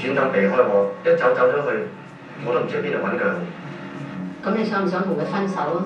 選擇避開我，一走走咗去，我都唔知喺邊度揾佢好。咁你想唔想同佢分手啊？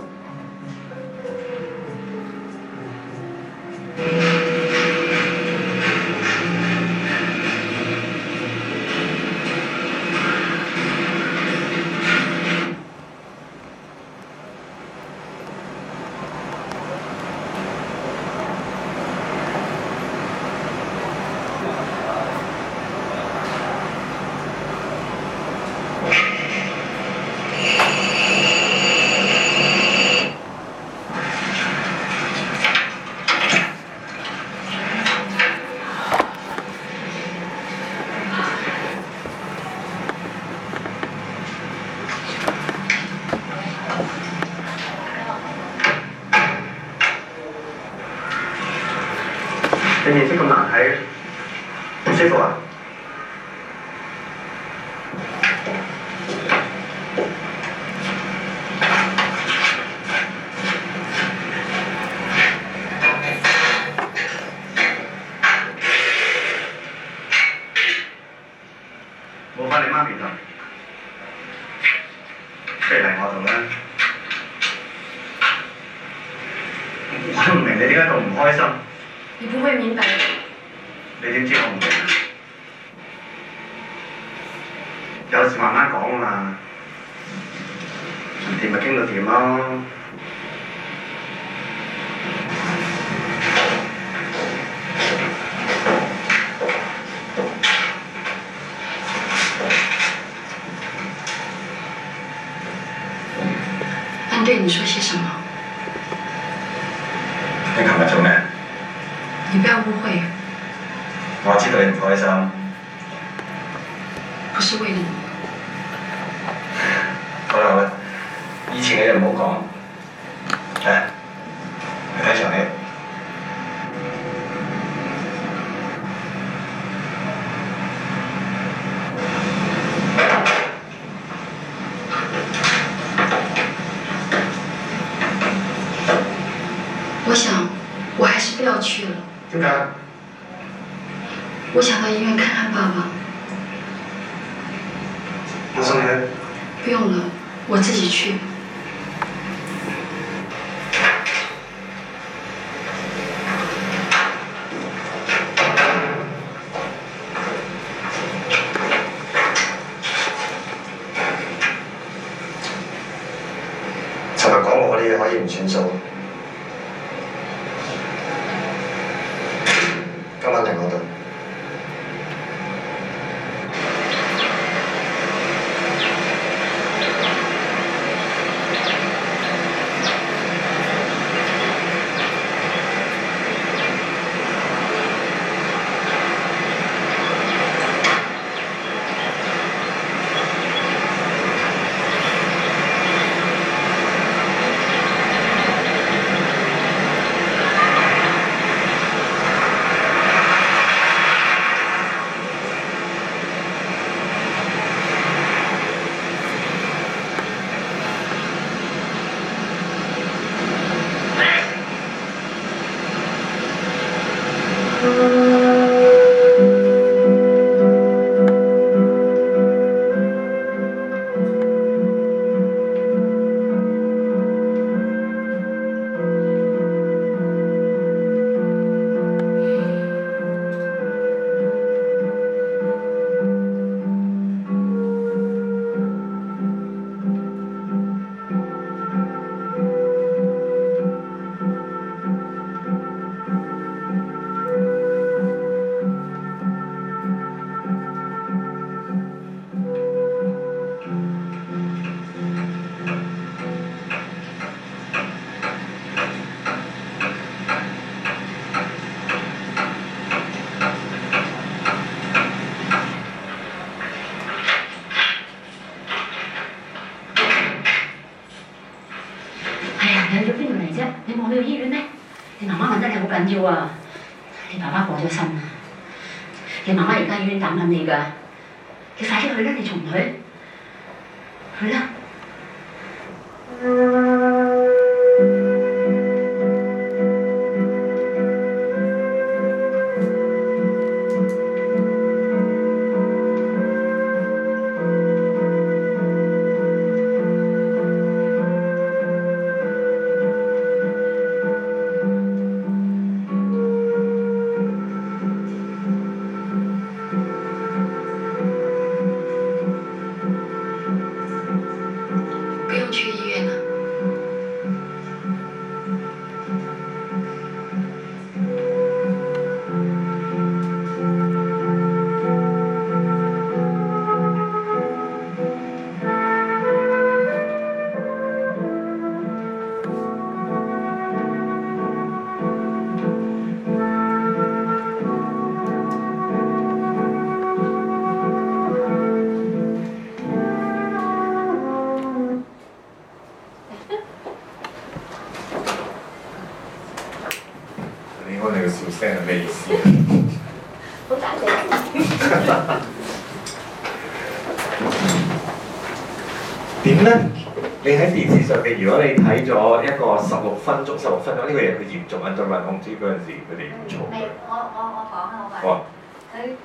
個嘢佢嚴重壓制量控制嗰陣時，佢哋唔做我我我講啊，我話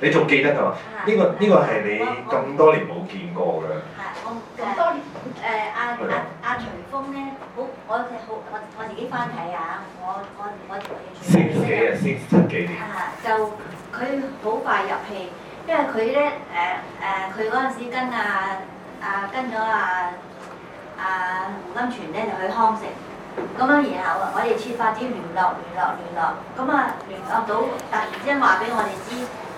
你仲記得啊？呢個呢個係你咁多年冇見過嘅。係我咁多年誒阿阿阿徐峰咧，好我好我我自己翻睇下，我我我。先幾日？先七幾？係就佢好快入戲，因為佢咧誒誒，佢嗰陣時跟阿阿跟咗阿阿胡金銓咧就去康城。咁樣然後啊，我哋設發展聯絡聯絡聯絡，咁啊聯絡到突然之間話俾我哋知，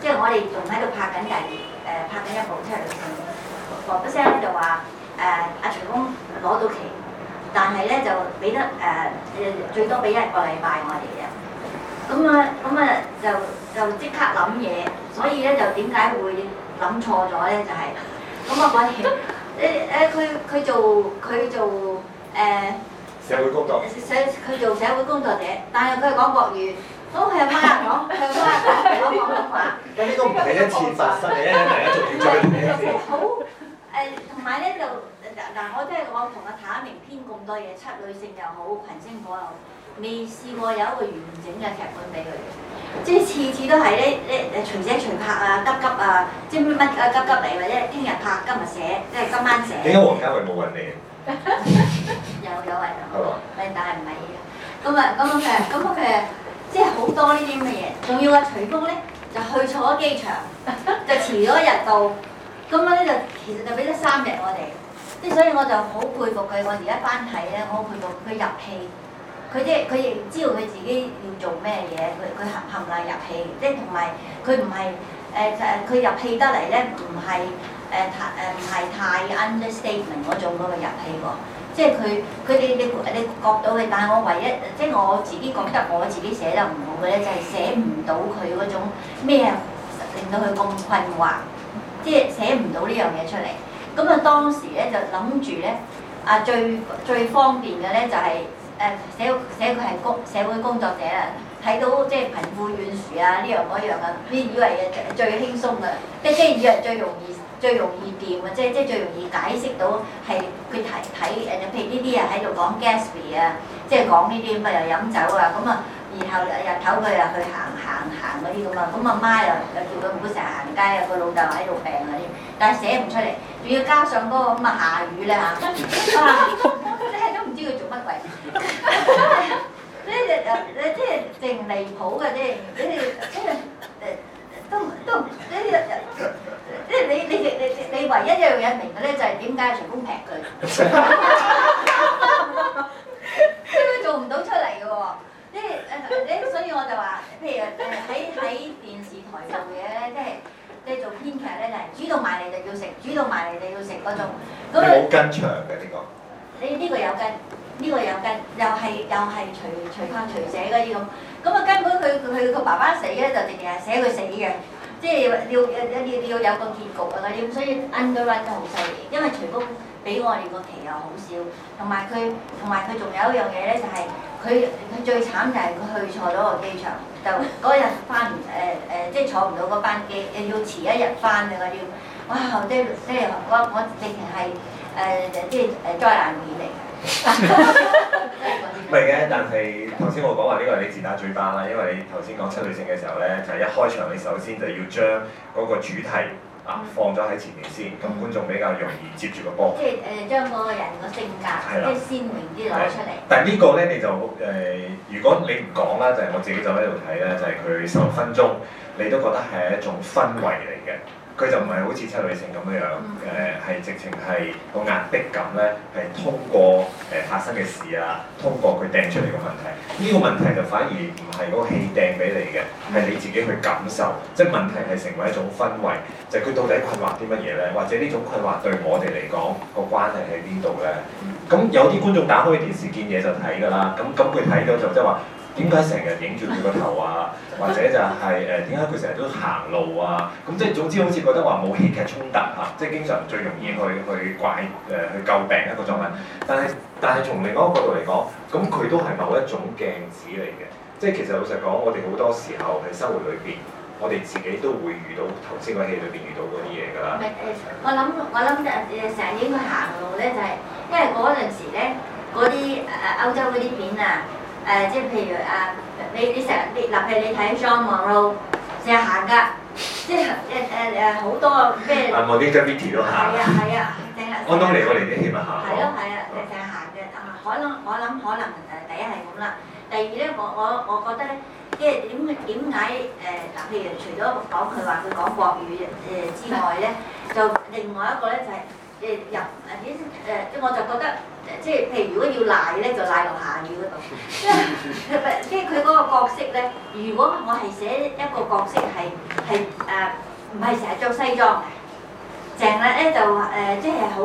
即係我哋仲喺度拍緊第二誒拍緊一部出嚟嘅，話不聲咧就話誒阿徐工攞到期，但係咧就俾得誒誒最多俾一個禮拜我哋啊，咁啊咁啊就就即刻諗嘢，所以咧就點解會諗錯咗咧？就係咁啊，嗰條誒誒佢佢做佢做誒。社會工作，社佢做社會工作者，但係佢係講國語，都佢阿媽講，阿媽講講廣東話。咁呢個唔係一次發生，係一再再。好誒，同埋咧就嗱我都係我同阿譚家明編咁多嘢，七女性又好，群星火又好，未試過有一個完整嘅劇本俾佢，即係次次都係咧咧隨寫隨拍啊，急急啊，即乜乜啊急急嚟，或者聽日拍今日寫，即係今晚寫。點解王家衛冇人嚟？有有係有，但係唔係嘅。咁啊，咁啊佢，咁啊佢，即係好多呢啲咁嘅嘢。仲要啊，徐峯咧就去錯咗機場，就遲咗一日到。咁啊咧就，其實就俾咗三日我哋。即所以我，我就好佩服佢。我而家翻睇咧，我好佩服佢入戲。佢即係佢亦知道佢自己要做咩嘢。佢佢含含辣入戲，即係同埋佢唔係誒誒，佢、呃、入戲得嚟咧，唔係。誒太誒唔係太 understatement 嗰種嗰個入氣喎，即係佢佢哋你你覺到佢，但係我唯一即係我自己覺得我自己寫得唔好嘅咧，就係、是、寫唔到佢嗰種咩令到佢咁困惑，即係寫唔到呢樣嘢出嚟。咁啊當時咧就諗住咧啊最最方便嘅咧就係、是、誒寫寫佢係工社會工作者啊，睇到即係貧富懸殊啊呢樣嗰樣啊，你以為啊最輕鬆㗎，即係以為最容易。最容易掂啊，即係即係最容易解釋到係佢睇睇誒，譬如呢啲啊喺度講 Gatsby 啊，即係講呢啲咁啊又飲酒啊，咁啊然後日頭佢又去行行行嗰啲咁啊，咁阿媽又又叫佢唔好成日行街啊，個老豆喺度病啊啲，但係寫唔出嚟，仲要加上嗰個咁啊下雨咧嚇，你都唔知佢做乜鬼，你你你即係正離譜嘅啫，即係誒。都唔都唔，即係即係你你你你，你唯一一樣嘢明嘅咧，就係點解全部劈佢，根本做唔到出嚟嘅喎。即係誒所以我就話，譬如誒喺喺電視台做嘢咧，即係即係做編劇咧，就係煮到埋嚟就要食，煮到埋嚟就要食嗰種。冇跟、嗯、麼場嘅呢個。你呢、這個有跟？呢個又跟又係又係除除困除寫嗰啲咁，咁啊根本佢佢佢個爸爸死咧就直情係寫佢死嘅，即係要要要要有個結局啊嗰啲，所以 underline 得好犀利。因為徐工比我哋個期又好少，同埋佢同埋佢仲有一樣嘢咧，就係佢佢最慘就係佢去錯咗個機場，就嗰日翻唔誒誒，即係坐唔到嗰班機，又要遲一日翻啊啲哇！我我呃、即即係我我直情係誒即係誒災難嚟。唔係嘅，但係頭先我講話呢個係你自打嘴巴啦，因為你頭先講七女性嘅時候咧，就係、是、一開場你首先就要將嗰個主題啊放咗喺前面先，咁觀眾比較容易接住個波。即係誒，將、呃、嗰個人個性格即係鮮明啲攞出嚟、嗯。但係呢個咧你就誒、呃，如果你唔講啦，就係、是、我自己就喺度睇咧，就係佢十六分鐘，你都覺得係一種氛圍嚟嘅。佢就唔係好似七女性咁樣樣，誒、呃、係直情係個壓迫感咧，係通過誒、呃、發生嘅事啊，通過佢掟出嚟嘅問題，呢、這個問題就反而唔係嗰個戲掟俾你嘅，係你自己去感受，即係問題係成為一種氛圍，就係、是、佢到底困惑啲乜嘢咧，或者呢種困惑對我哋嚟講個關係喺邊度咧？咁有啲觀眾打開電視見嘢就睇㗎啦，咁咁佢睇到就即係話。點解成日影住佢個頭啊？ 或者就係誒點解佢成日都行路啊？咁即係總之好似覺得話冇戲劇衝突嚇、啊，即、就、係、是、經常最容易去去怪誒、呃、去詬病一個作品。但係但係從另一個角度嚟講，咁佢都係某一種鏡子嚟嘅。即、就、係、是、其實老實講，我哋好多時候喺生活裏邊，我哋自己都會遇到頭先個戲裏邊遇到嗰啲嘢㗎啦。我諗我諗誒成日影佢行路咧、就是，就係因為嗰陣時咧嗰啲誒歐洲嗰啲片啊。誒、呃，即係譬如啊，你你成日，嗱譬如你睇《Jeanne Moreau》，成日行㗎，即係誒誒誒好多咩？阿毛啲嘅 V T 咯，係啊係啊，成日。安東尼奧尼啲戲嘛嚇？係咯係啊，你成日行嘅可能我諗好可能就第一係咁啦。第二咧，我我我覺得咧，即係點點解誒？嗱、呃、譬如除咗講佢話佢講國語誒、呃、之外咧，就另外一個咧就係、是。誒入誒點即我就覺得，即、呃、係譬如如果要賴咧，就賴落下雨嗰度。即係佢，即嗰個角色咧。如果我係寫一個角色係係誒，唔係成日着西裝嘅，淨係咧就誒，即係好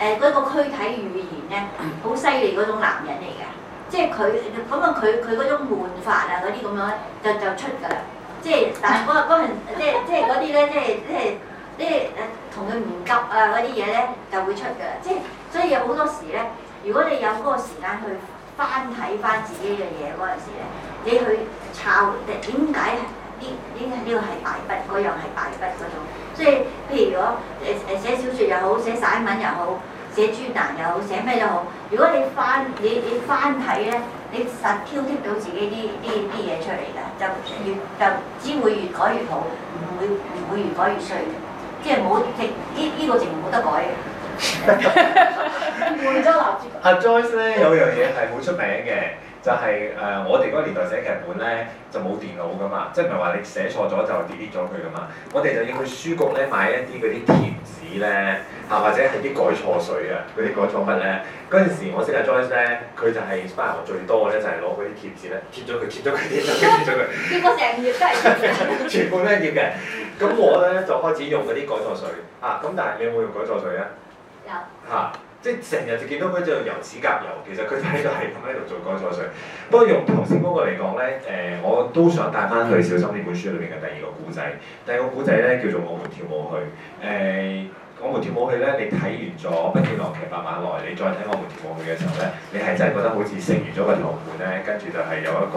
誒嗰個軀體語言咧，好犀利嗰種男人嚟嘅。即係佢咁啊！佢佢嗰種悶法啊，嗰啲咁樣咧，就就出㗎啦。即係但嗰嗰陣，即係即係嗰啲咧，即係即係即係誒。就是同佢唔急啊！嗰啲嘢咧就會出㗎，即係所以有好多時咧，如果你有嗰個時間去翻睇翻自己嘅嘢嗰陣時咧，你去抄誒點解呢呢呢個係敗筆，嗰樣係敗筆嗰種，所以譬如講誒誒寫小說又好，寫散文又好，寫專欄又好，寫咩都好，如果你翻你你翻睇咧，你實挑剔到自己啲啲啲嘢出嚟㗎，就越就只會越改越好，唔會唔會越改越衰。即係冇，即係呢呢個節目冇得改嘅。換咗男主角，阿 Joyce 咧有樣嘢係好出名嘅。就係、是、誒、呃，我哋嗰年代寫劇本咧，就冇電腦噶嘛，即係唔係話你寫錯咗就 delete 咗佢噶嘛？我哋就要去書局咧買一啲嗰啲貼紙咧，啊或者係啲改錯水啊，嗰啲改錯筆咧。嗰陣時我識阿 Joyce 咧，佢就係翻學最多嘅咧就係攞嗰啲貼紙咧貼咗佢，貼咗佢，貼咗佢，貼咗佢，結果成頁都係全部都係貼嘅。咁我咧就開始用嗰啲改錯水啊，咁但係你有冇用改錯水啊？有。嚇！ 即係成日就見到佢就油指甲油，其實佢喺度係咁喺度做改錯水。不過用頭先嗰個嚟講呢，誒、呃，我都想帶翻去小心呢本書裏面嘅第二個故仔。第二個故仔呢叫做我們跳舞去，誒。呃我們跳舞去呢，你睇完咗《奔月》《騎白馬》來，你再睇我們跳舞去嘅時候呢，你係真係覺得好似食完咗個頭盤呢。跟住就係有一個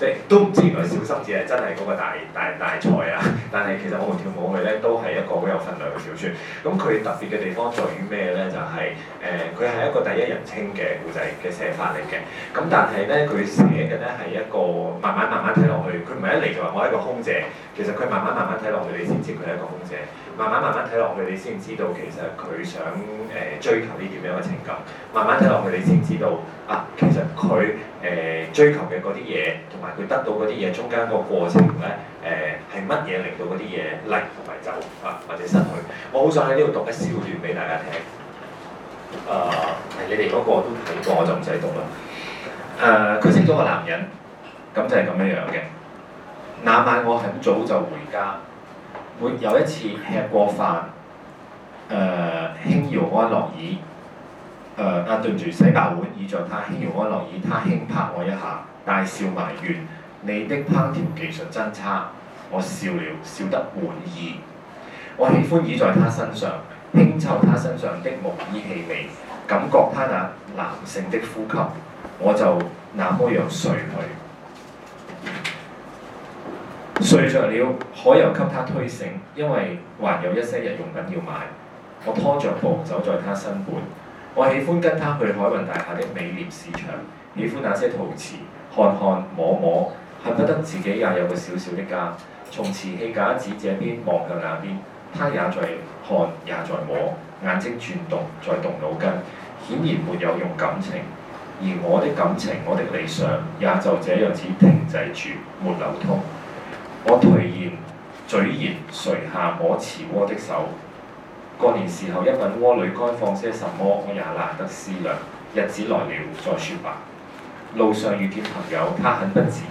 即係都唔知原來小心至係真係嗰個大大大菜啊！但係其實我們跳舞去呢，都係一個好有分量嘅小説。咁佢特別嘅地方在於咩呢？就係、是、誒，佢、呃、係一個第一人稱嘅故仔嘅寫法嚟嘅。咁但係呢，佢寫嘅呢係一個慢慢慢慢睇落去，佢唔係一嚟就話我係一個空姐，其實佢慢慢慢慢睇落去，你先知佢係一個空姐。慢慢慢慢睇落去，你先知道其實佢想誒、呃、追求啲點樣嘅情感。慢慢睇落去，你先知道啊。其實佢誒、呃、追求嘅嗰啲嘢，同埋佢得到嗰啲嘢中間個過程咧，誒係乜嘢令到嗰啲嘢嚟同埋走啊，或者失去？我好想喺呢度讀一小段俾大家聽。啊、呃，你哋嗰個都睇過，我就唔使讀啦。誒、呃，佢識咗個男人，咁就係咁樣樣嘅。那晚我很早就回家。會有一次吃過飯，誒輕搖安樂椅，誒、呃、但、啊、對住洗白碗倚在他輕搖安樂椅，他輕拍我一下，大笑埋怨你的烹調技術真差，我笑了，笑得滿意。我喜歡倚在他身上，輕嗅他身上的毛衣氣味，感覺他那男性的呼吸，我就那麼樣睡去。睡着了，可又給他推醒，因為還有一些日用品要買。我拖着步走在他身畔，我喜歡跟他去海運大廈的美廉市場，喜歡那些陶瓷，看看摸摸，恨不得自己也有個小小的家。從瓷器架子這邊望向那邊，他也在看，也在摸，眼睛轉動，在動腦筋，顯然沒有用感情，而我的感情，我的理想，也就這樣子停滯住，沒流通。我頹然咀嚼垂下摸瓷鍋的手，過年時候一品鍋裏該放些什麼，我也懶得思量。日子來了，再說吧。路上遇見朋友，他很不自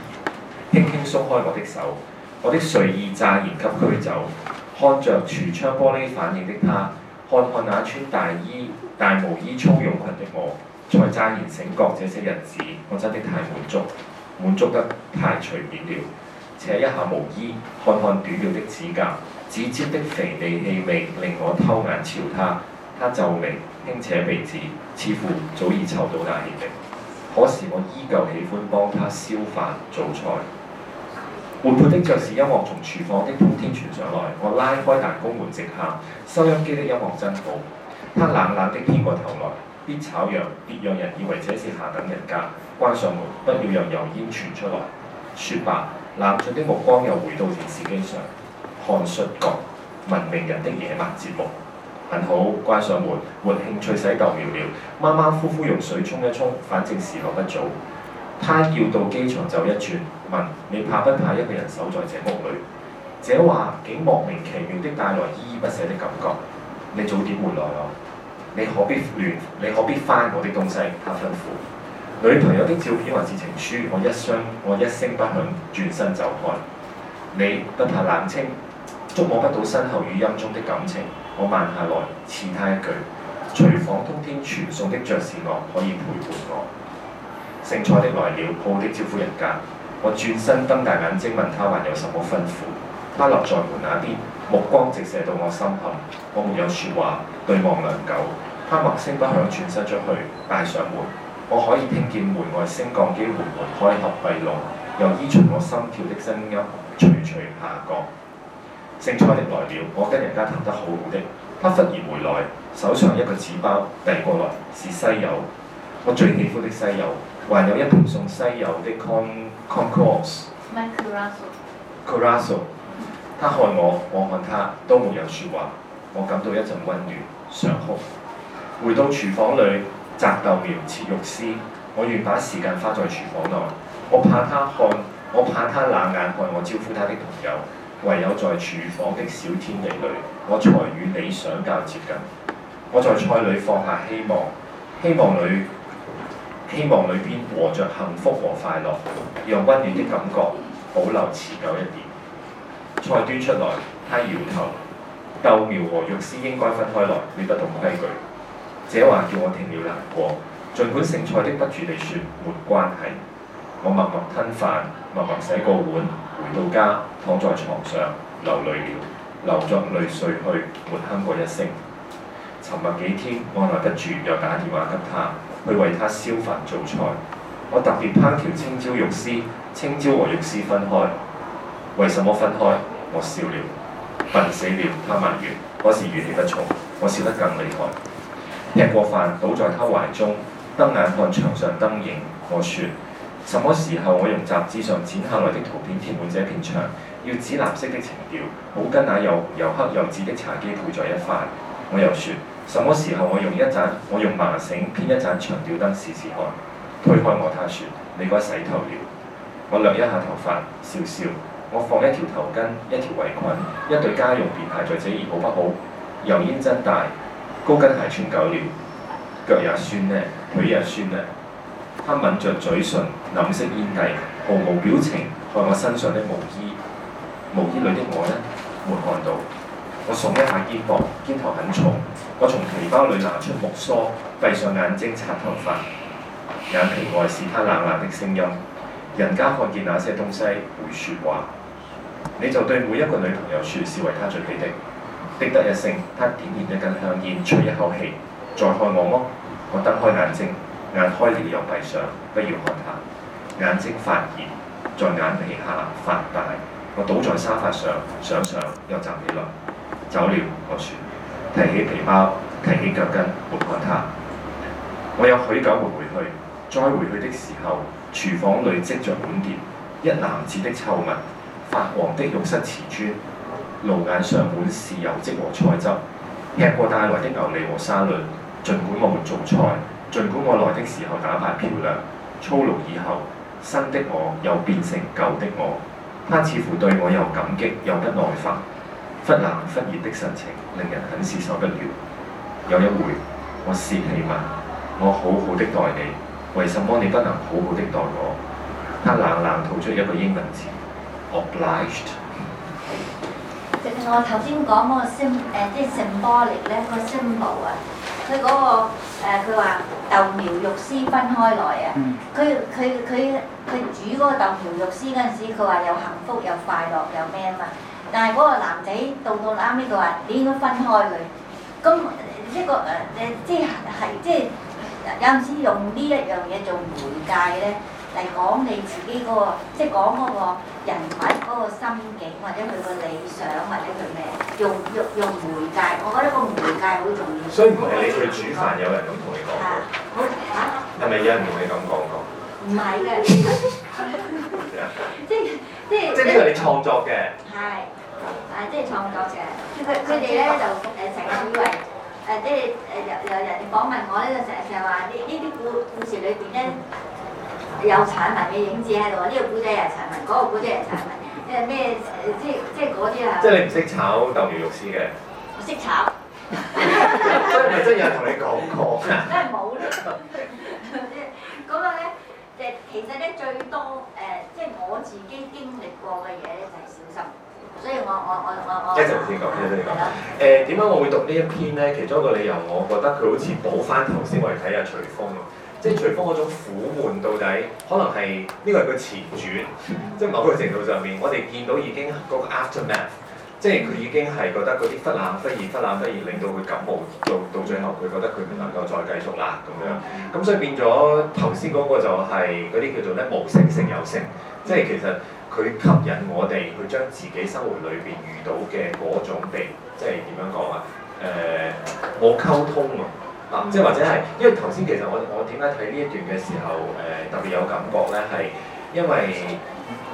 然，輕輕鬆開我的手，我的睡意乍然給驅走。看着櫥窗玻璃反映的他，看看那穿大衣、大毛衣、粗絨裙的我，才乍然醒覺這。這些日子我真的太滿足，滿足得太隨便了。扯一下毛衣，看看短了的指甲，指尖的肥膩氣味令我偷眼瞧他。他皺眉，輕扯鼻子，似乎早已嗅到那氣味。可是我依舊喜歡幫他燒飯做菜。活潑的爵士音樂從廚房的通天傳上來，我拉開彈弓門直喊：收音機的音樂真好。他冷冷的偏過頭來，別吵嚷，別讓人以為這是下等人家。關上門，不要讓油煙傳出來。說吧。南俊的目光又回到電視機上，看述《出國文明人的野蠻》節目。很好，關上門，沒興趣洗舊妙了。馬馬虎虎用水沖一沖，反正時候不早。他要到機場就一轉，問你怕不怕一個人守在這屋裏？這話竟莫名其妙的帶來依依不捨的感覺。你早點回來哦。你何必亂？你何必翻我的東西？他吩咐。女朋友的照片還是情書，我一聲我一聲不響，轉身走開。你不怕冷清，觸摸不到身後語音中的感情。我慢下來，賜他一句：廚房冬天傳送的爵士樂可以陪伴我。盛菜的來了，好好的招呼人家。我轉身瞪大眼睛問他還有什麼吩咐。他立在門那邊，目光直射到我心坎。我沒有説話，對望良久。他默聲不響，轉身出去，帶上門。我可以聽見門外升降機緩緩開合閉鎖，又依循我心跳的聲音徐徐下降。星賽的來了，我跟人家談得好好的，他忽然回來，手上一個紙包遞過來，是西柚，我最喜歡的西柚，還有一瓶送西柚的 concourse col。他看我，我看他，都沒有説話。我感到一陣温暖，想哭。回到廚房裡。摘豆苗切肉絲，我願把時間花在廚房內。我怕他看，我怕他冷眼看我招呼他的朋友。唯有在廚房的小天地裡，我才與理想較接近。我在菜裡放下希望，希望裡希望裡邊和着幸福和快樂，讓温暖的感覺保留持久一點。菜端出來，他搖頭：豆苗和肉絲應該分開來，你不懂規矩。這話叫我聽了難過，儘管盛菜的不住地説沒關係，我默默吞飯，默默洗個碗，回到家躺在床上流淚了，流著淚睡去，沒哼過一聲。沉默幾天，我按捺不住又打電話給他，去為他燒飯做菜。我特別烹調青椒肉絲，青椒和肉絲分開。為什麼分開？我笑了，笨死了！他罵完，可是語氣不錯。我笑得更厲害。吃過飯倒在他懷中，瞪眼看牆上燈影，我說，什麼時候我用雜誌上剪下來的圖片貼滿這片牆？要紫藍色的情調，好跟那又油黑又紫的茶几配在一塊？我又說，什麼時候我用一盞，我用麻繩編一盞長吊燈試試看？推開我，他說，你該洗頭了。我晾一下頭髮，笑笑，我放一條頭巾、一條圍裙、一對家用便鞋在這兒。好不好？油煙真大。高跟鞋穿久了，腳也酸呢，腿也酸呢。他抿着嘴唇，捻熄煙蒂，毫無表情。看我身上的毛衣，毛衣裏的我呢？沒看到。我聳一下肩膀，肩頭很重。我從皮包裏拿出木梳，閉上眼睛擦頭髮。眼皮外是他冷冷的聲音。人家看見那些東西會說話，你就對每一個女朋友說是為她準備的。」滴得一聲，他點燃一根香煙，吹一口氣，再看我麼？我瞪開眼睛，眼開了又閉上，不要看他。眼睛發熱，在眼皮下發大。我倒在沙發上，想想又站起來，走了。我説，提起皮包，提起腳跟，沒看他。我有許久沒回去，再回去的時候，廚房裏積着污漬，一男子的臭物，發黃的浴室瓷磚。路眼上滿是油漬和菜汁，吃過帶來的牛脷和沙律。儘管我們做菜，儘管我來的時候打扮漂亮，操勞以後，新的我又變成舊的我。他似乎對我又感激又不耐煩，忽冷忽熱的神情令人很是受不了。有一回，我洩氣問：我好好的待你，為什麼你不能好好的待我？他冷冷吐出一個英文字：obliged。Ob 我頭先講嗰個聖、那個，誒即係 symbolic 咧，嗰個 symbol 啊，佢嗰個誒佢話豆苗肉絲分開來啊，佢佢佢佢煮嗰個豆苗肉絲嗰陣時，佢話又幸福又快樂又咩啊嘛，但係嗰個男仔到到啱呢佢話你應該分開佢，咁一、這個誒誒即係係即係有陣時用呢一樣嘢做媒介嘅咧。嚟講你自己嗰個，即係講嗰個人物嗰個心境，或者佢個理想，或者佢咩用用用媒介，我覺得個媒介好重要。所以唔係你佢煮飯有人咁同你講。係，好嚇。係咪有人同你咁講過？唔係嘅，即係即係。即係呢個你創作嘅。係，啊即係創作嘅。其實佢哋咧就誒成日以為誒即係誒有有人哋訪問我咧就成成日話呢呢啲故故事裏邊咧。有陳文嘅影子喺度啊！呢個古仔又陳文，嗰個古仔又陳文，即係咩？即係即係嗰啲啊？即係你唔識炒豆苗肉絲嘅？我識炒。所以咪真係有同你講過。真係冇咧。咁啊咧，誒，其實咧最多誒，即係我自己經歷過嘅嘢咧，就係小心。所以我我我我我一陣先講，一陣先講。誒點解我會讀呢一篇咧？其中一個理由，我覺得佢好似補翻頭先我哋睇下隨風啊。即係徐芳嗰種苦悶到底，可能係呢、這個係個前傳，即係某個程度上面，我哋見到已經嗰、那個 aftermath，即係佢已經係覺得嗰啲忽冷忽熱、忽冷忽熱，令到佢感冒到到最後，佢覺得佢唔能夠再繼續啦咁樣。咁所以變咗頭先嗰個就係嗰啲叫做咧無聲勝有聲，即係其實佢吸引我哋去將自己生活裏邊遇到嘅嗰種病，即係點樣講啊？誒、呃，冇溝通啊！嗱，即係或者係，因為頭先其實我我點解睇呢一段嘅時候，誒、呃、特別有感覺咧，係因為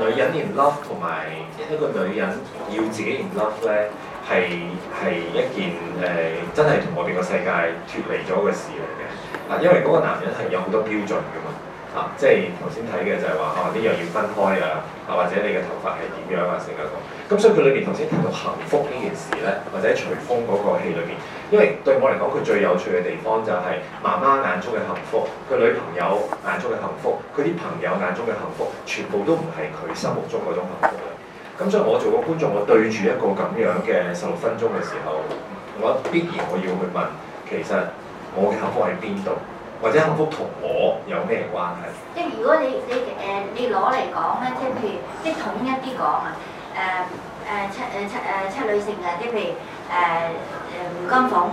女人 in love 同埋一個女人要自己 in love 咧，係係一件誒、呃、真係同外面個世界脫離咗嘅事嚟嘅。嗱，因為嗰個男人係有好多標準噶嘛。啊、即係頭先睇嘅就係話，啊呢樣要分開啊，啊或者你嘅頭髮係點樣啊，成日咁。咁所以佢裏邊頭先提到幸福呢件事咧，或者徐峯嗰個戲裏邊，因為對我嚟講，佢最有趣嘅地方就係媽媽眼中嘅幸福，佢女朋友眼中嘅幸福，佢啲朋友眼中嘅幸福，全部都唔係佢心目中嗰種幸福。咁所以，我做個觀眾，我對住一個咁樣嘅十六分鐘嘅時候，我必然我要去問，其實我嘅幸福喺邊度？或者幸福同我有咩關係？即係如果你你誒你攞嚟講咧，即係譬如即係統一啲講啊，誒、呃、誒七誒七誒七女性啊，即係譬如誒誒吳金鳳誒、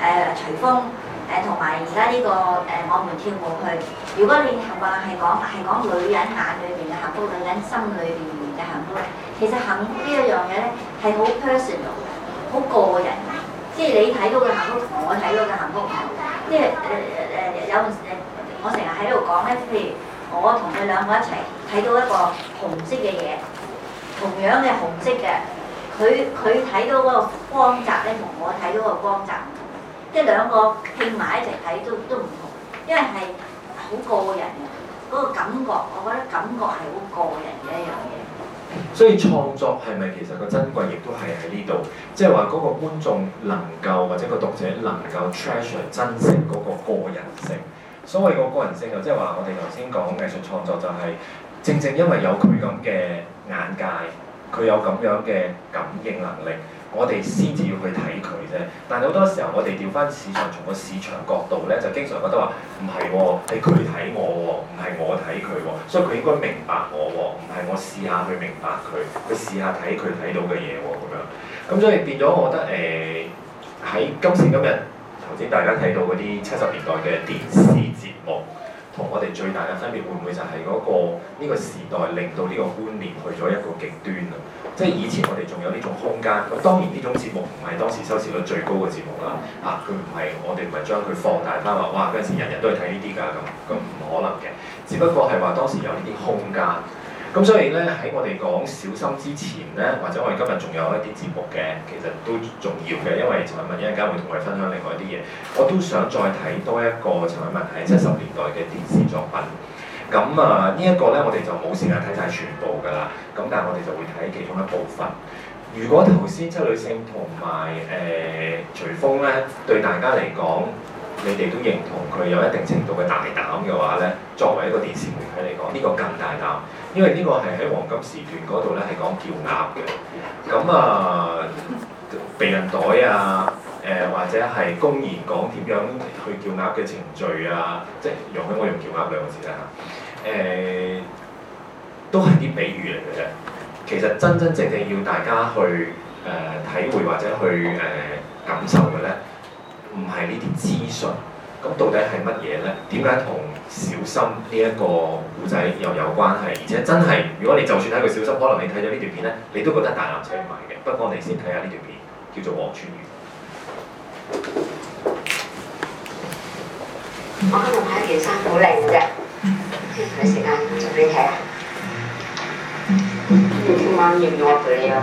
呃、徐峰誒同埋而家呢個誒我們跳舞去。如果你話係講係講女人眼裏邊嘅幸福，女人心裏邊嘅幸福，其實幸福呢一樣嘢咧係好 personal 嘅，好個人。即係你睇到嘅幸福同我睇到嘅幸福唔同，即係誒誒誒有陣時、呃，我成日喺度講咧，譬如我同佢兩個一齊睇到一個紅色嘅嘢，同樣嘅紅色嘅，佢佢睇到嗰個光澤咧同我睇到個光澤唔同，即係兩個拼埋一齊睇都都唔同，因為係好個人嘅嗰、個感覺，我覺得感覺係好個人嘅一樣嘢。所以創作係咪其實個珍貴亦都係喺呢度，即係話嗰個觀眾能夠或者個讀者能夠 treasure 珍惜嗰個個人性。所謂個個人性就即係話，我哋頭先講藝術創作就係正正因為有佢咁嘅眼界，佢有咁樣嘅感應能力。我哋先至要去睇佢啫，但係好多時候我哋調翻市場，從個市場角度呢，就經常覺得話唔係喎，係佢睇我喎、哦，唔係我睇佢喎，所以佢應該明白我喎、哦，唔係我試下去明白佢，去試下睇佢睇到嘅嘢喎，咁樣，咁所以變咗，我覺得誒喺、呃、今時今日，頭先大家睇到嗰啲七十年代嘅電視節目。同我哋最大嘅分別會唔會就係嗰個呢個時代令到呢個觀念去咗一個極端啊？即係以前我哋仲有呢種空間。咁當然呢種節目唔係當時收視率最高嘅節目啦。啊，佢唔係我哋唔係將佢放大翻話，哇！嗰陣時人人都係睇呢啲㗎，咁咁唔可能嘅。只不過係話當時有呢啲空間。咁所以咧，喺我哋講小心之前咧，或者我哋今日仲有一啲節目嘅，其實都重要嘅，因為陳韻文一陣間會同我哋分享另外啲嘢。我都想再睇多一個陳韻文喺七十年代嘅電視作品。咁啊，這個、呢一個咧，我哋就冇時間睇晒全部噶啦。咁但係我哋就會睇其中一部分。如果頭先七女性同埋誒隨風咧，對大家嚟講，你哋都認同佢有一定程度嘅大膽嘅話呢，作為一個電視媒體嚟講，呢、這個更大膽，因為呢個係喺黃金時段嗰度，呢係講叫鴨嘅。咁啊，避孕袋啊，誒、呃、或者係公然講點樣去叫鴨嘅程序啊，即係容許我用叫鴨兩個字啦嚇。誒、呃，都係啲比喻嚟嘅啫。其實真真正正要大家去誒、呃、體會或者去誒、呃、感受嘅呢。唔係呢啲資訊，咁到底係乜嘢呢？點解同小心呢一個故仔又有關係？而且真係，如果你就算睇《小心》，可能你睇咗呢段片呢，你都覺得大眼仔唔係嘅。不過我哋先睇下呢段片，叫做《黃春雨》。我今日睇一件衫好靚嘅，聽日有時間做咩睇啊？唔知媽要唔要我陪你啊？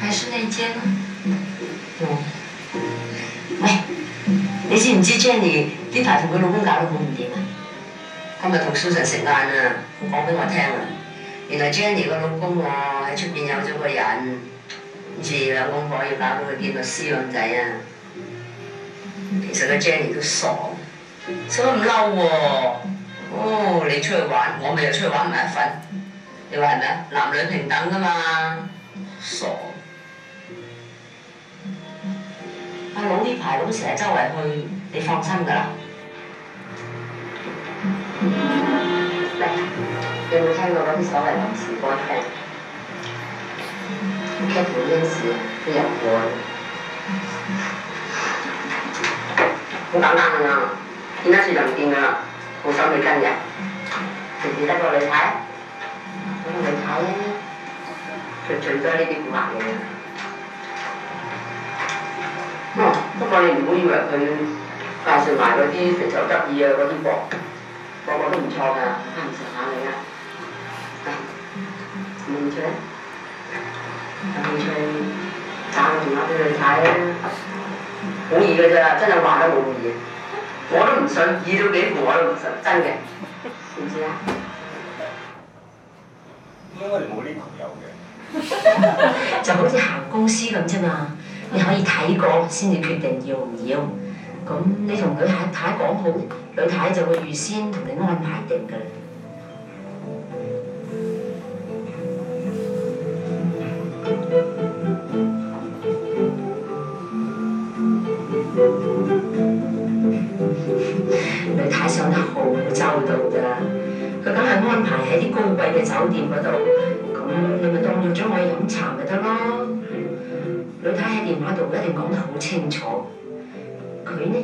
還是內奸咯，喂，你知唔知 Jenny 呢排同佢老公搞得好唔掂啊？今日同蘇神食晏啊，佢講俾我聽啊，原來 Jenny 個老公喎喺出邊有咗個人，唔知兩公婆要搞到佢邊個私養仔啊？其實個 Jenny 都傻，使乜咁嬲喎，哦，你出去玩，我咪又出去玩埋一份，你話係咪啊？男女平等噶嘛，傻。阿老呢排咁成日周圍去，你放心噶啦。有冇聽過嗰啲所謂臨時歌曲 c a p t a i 好簡單噶啦。見一次就唔見啦，我手尾跟日，仲剩得個女仔，咁女仔，佢最多呢啲古惑嘢。哦、不過你唔好以為佢介紹埋嗰啲隨手得意啊嗰啲博，個個都唔錯㗎，唔食嚇你啊！嚟，你冇興趣咧，有興趣打個電話俾佢睇啦，好易嘅咋，真係話得好易，我都唔信二到幾乎我都唔信，真嘅，知唔知啊？咁我哋冇啲朋友嘅，就好似行公司咁啫嘛。你可以睇過先至決定要唔要，咁你同女太太講好，女太就會預先同你安排定噶啦。 女太想得好周到噶，佢梗係安排喺啲高貴嘅酒店嗰度，咁你咪當約咗我飲茶咪得咯。老太喺電話度一定講得好清楚，佢呢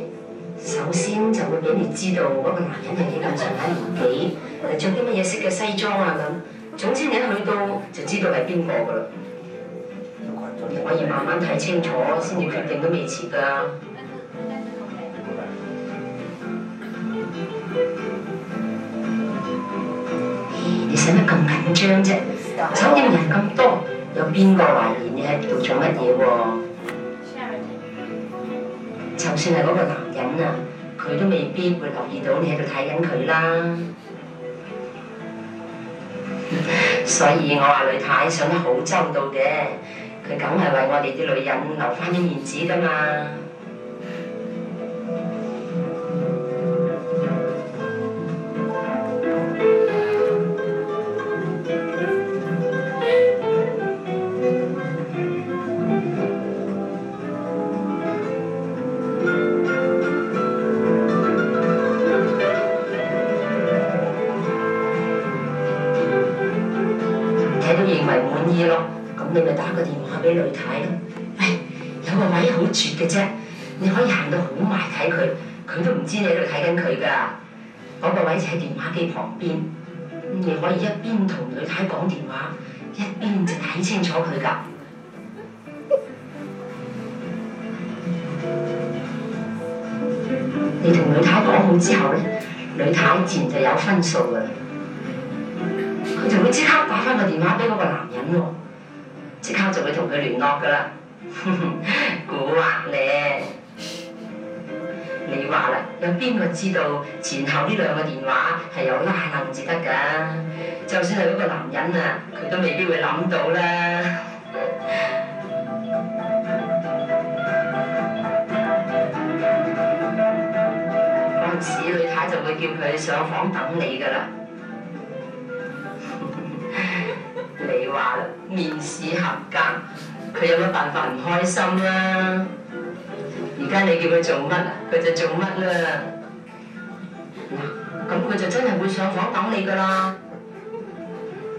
首先就會俾你知道嗰、嗰個男人係幾咁長嘅年紀，著啲乜嘢色嘅西裝啊咁。總之你一去到就知道係邊個噶啦，你可以慢慢睇清楚先至決定都未遲噶。你使乜咁緊張啫？酒店人咁多。有邊個懷疑你喺度做乜嘢喎？ 就算係嗰個男人啊，佢都未必會留意到你喺度睇緊佢啦。 所以我話女太想得好周到嘅，佢梗係為我哋啲女人留返啲面子㗎嘛。説嘅啫，你可以行到好埋睇佢，佢都唔知你喺度睇緊佢噶。嗰個位置喺電話機旁邊，你可以一邊同女太講電話，一邊就睇清楚佢噶。你同女太講好之後呢，女太自然就有分數噶啦。佢就會即刻打返個電話俾嗰個男人喎，即刻就會同佢聯絡噶啦。 估啊咧！你話啦，有邊個知道前後呢兩個電話係有拉楞至得㗎？就算係嗰個男人啊，佢都未必會諗到啦。個子女太就會叫佢上房等你㗎啦。你話啦，面試合格。佢有乜辦法唔開心啦？而家你叫佢做乜佢就做乜啦。嗱，咁佢就真係會上房等你噶啦。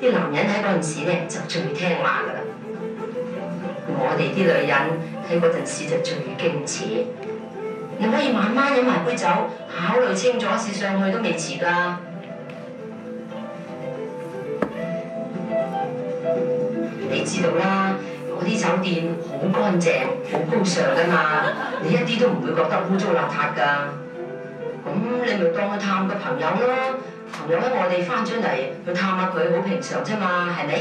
啲男人喺嗰陣時咧就最聽話噶啦，我哋啲女人喺嗰陣時就最矜持。你可以慢慢飲埋杯酒，考慮清楚先上去都未遲噶。你知道啦。嗰啲酒店好乾淨，好高尚噶嘛，你一啲都唔會覺得污糟邋遢噶。咁你咪當佢探個朋友咯，朋友咧我哋翻咗嚟去探下佢，好平常啫嘛，係咪？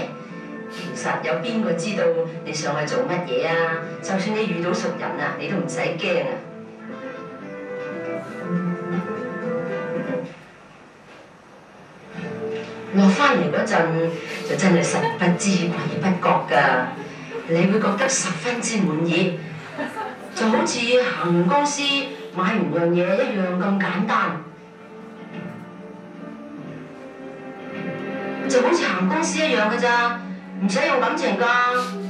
其實有邊個知道你上去做乜嘢啊？就算你遇到熟人啊，你都唔使驚啊。落翻嚟嗰陣就真係神不知鬼不覺噶。你會覺得十分之滿意， 就好似行公司買完樣嘢一樣咁簡單，就好似行公司一樣嘅咋，唔使用，用感情㗎。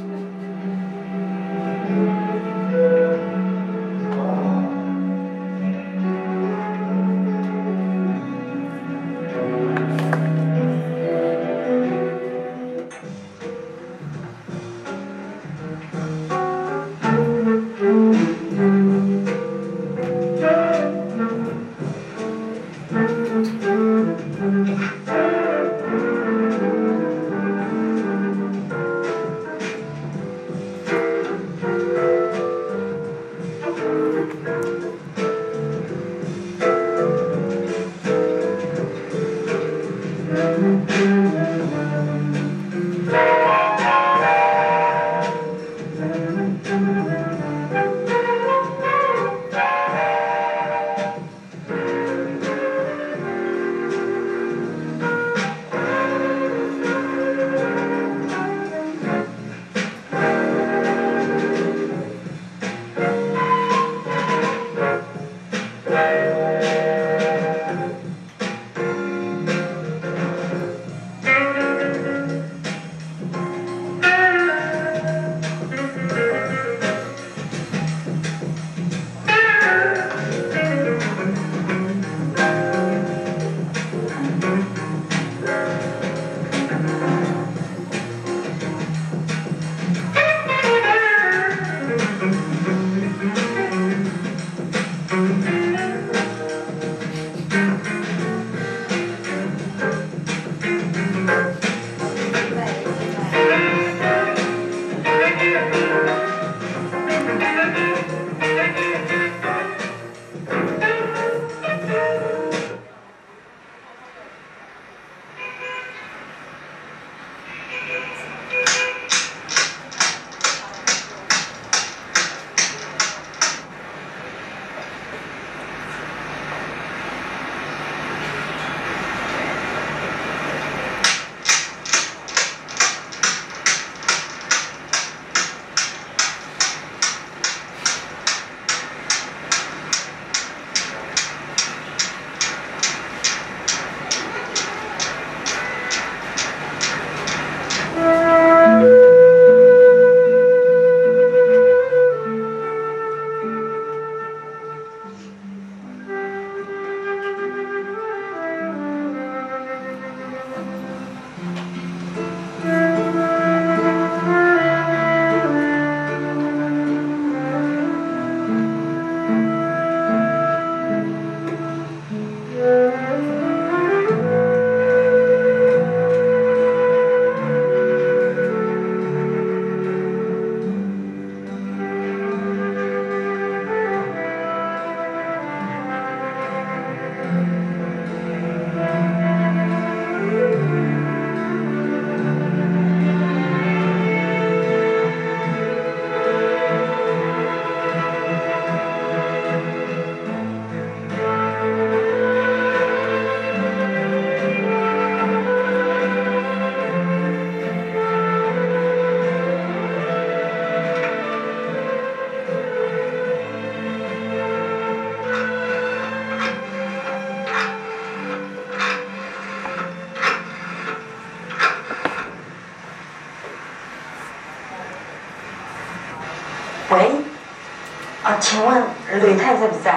請問呂太在不在？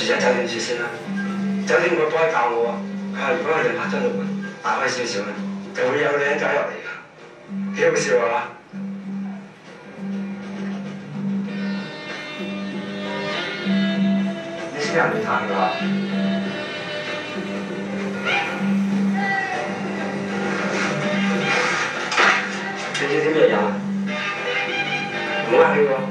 住酒店住先啦、啊，酒店個 boy 教我啊，如果佢拍咗個門，打開少少咧，就會有靚仔入嚟噶，幾好笑啊！你呢啲係咪真？你知唔知咩人啊？唔開口啊？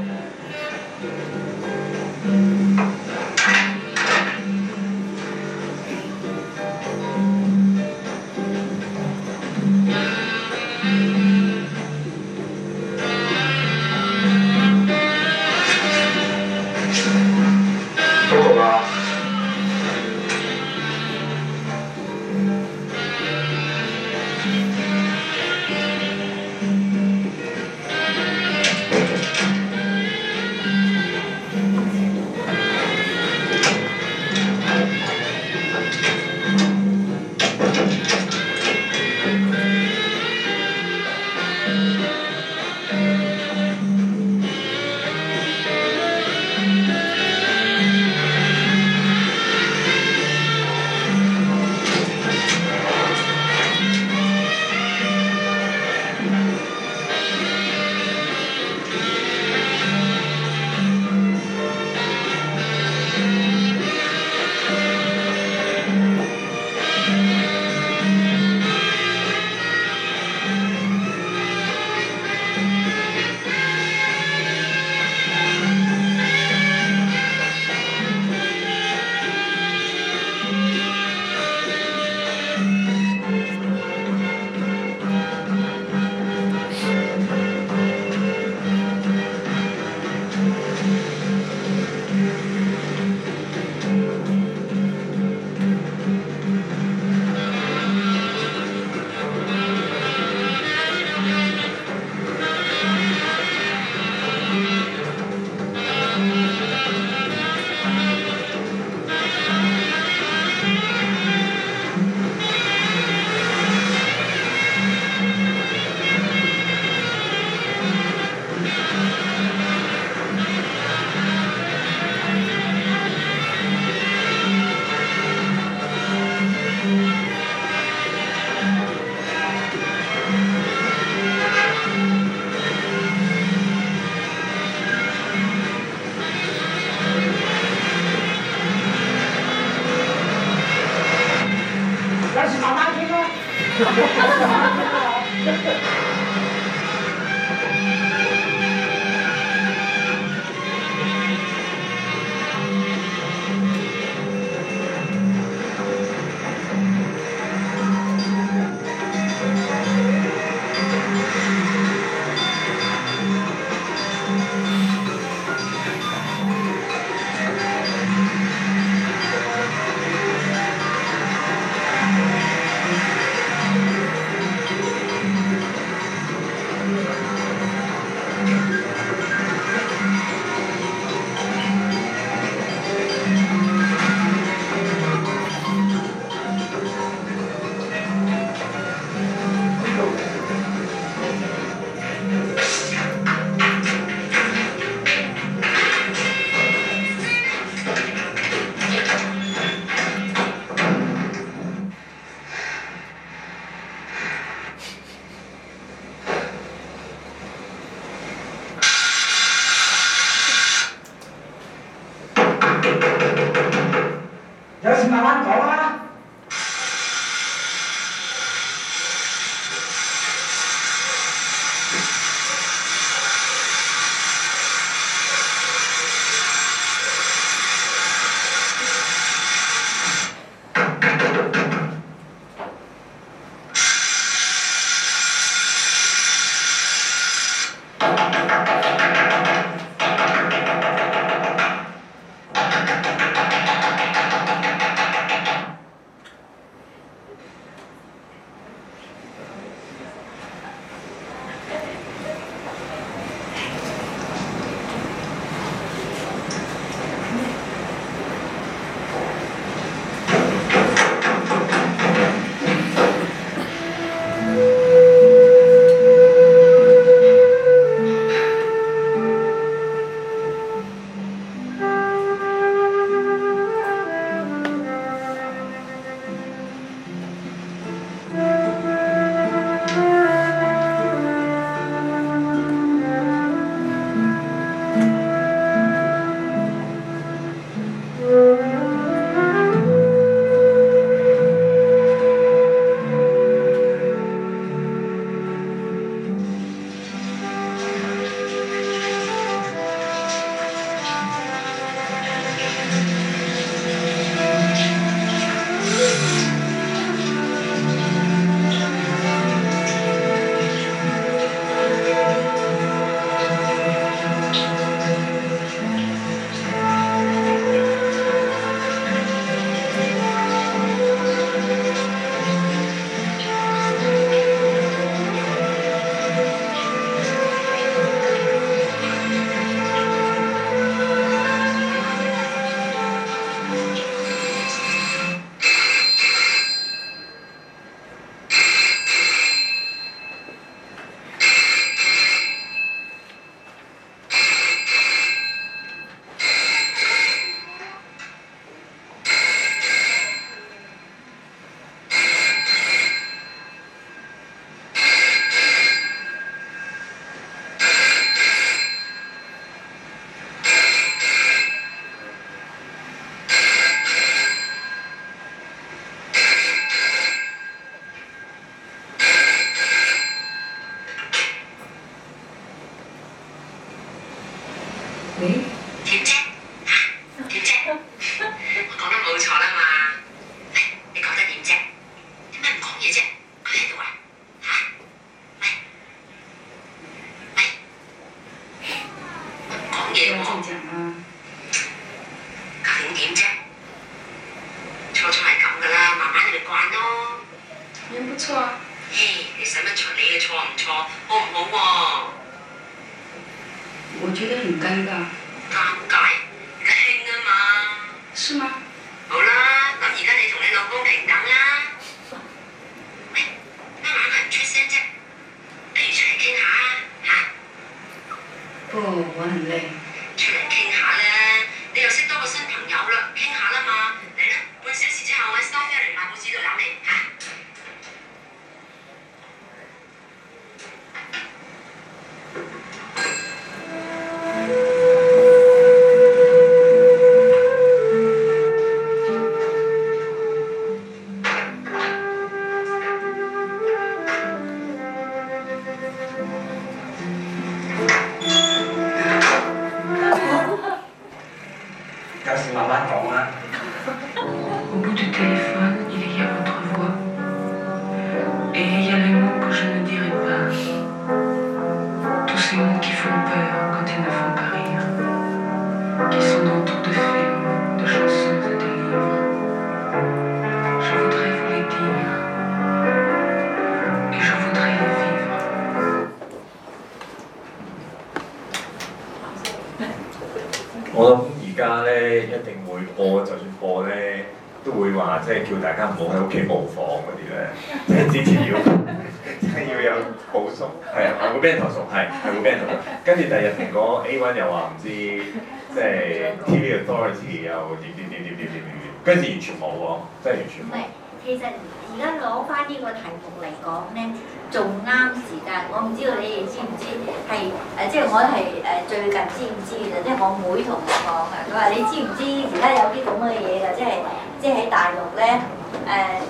大陸呢，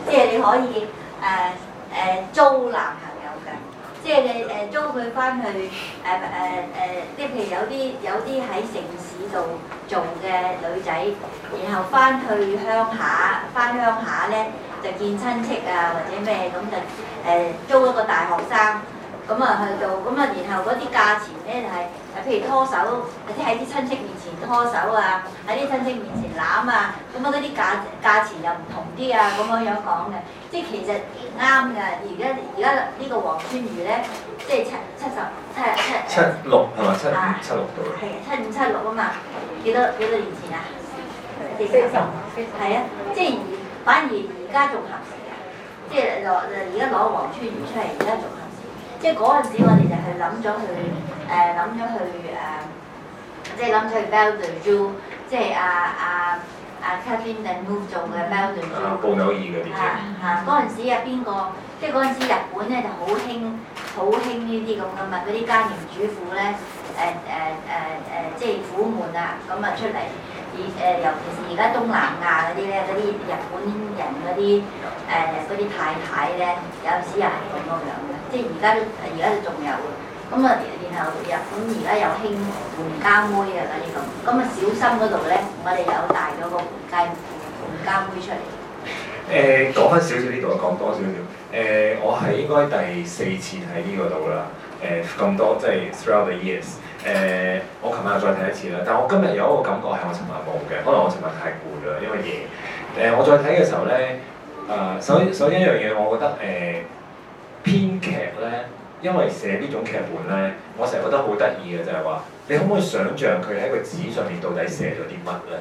誒，即係你可以誒誒租男朋友㗎，即係你誒租佢翻去誒誒即係譬如有啲有啲喺城市度做嘅女仔，然後翻去鄉下，翻鄉下呢，就見親戚啊，或者咩咁就誒租一個大學生。咁啊去到，咁啊然後嗰啲價錢咧就係誒，譬如拖手，或者喺啲親戚面前拖手啊，喺啲親戚面前攬啊，咁啊嗰啲價價錢又唔同啲啊，咁樣樣講嘅，即係其實啱嘅。而家而家呢個黃村魚咧，即係七七十七七七六係、嗯、嘛？七七六度。係七五七六啊嘛？幾多幾多年前啊？四十五係啊，即係而反而而家仲行。即係攞而家攞黃村魚出嚟，而家仲行。即係嗰陣時，我哋就去諗咗去誒，諗、呃、咗去誒、呃，即係諗咗去 Belle de Jour，即係阿阿阿 Catherine Deneuve 做嘅 Belle de Jour。報友意嘅啲嘢。啊，嗰陣時啊，邊、啊、個？即係嗰陣時日本咧就好興，好興呢啲咁嘅嘛，嗰啲家庭主婦咧誒誒誒誒，即係苦悶啊，咁啊出嚟。誒尤其是而家東南亞嗰啲咧，嗰啲日本人嗰啲誒嗰啲太太咧，有時又係咁樣樣嘅，即係而家而家都仲有嘅。咁啊，然後日本而家又興換家妹啊，嗰啲咁。咁啊，小心嗰度咧，我哋有帶咗個換家妹出嚟。誒、呃，講翻少少呢度，講多少少。誒、呃，我係應該第四次喺呢個度啦。誒，咁多，即係 throughout the years。誒、呃，我琴日又再睇一次啦，但我今日有一個感覺係我琴晚冇嘅，可能我琴晚太攰啦，因為夜。誒、呃，我再睇嘅時候咧、呃，首先首先一樣嘢，我覺得誒、呃、編劇呢，因為寫呢種劇本呢，我成日覺得好得意嘅就係、是、話，你可唔可以想像佢喺個紙上面到底寫咗啲乜呢？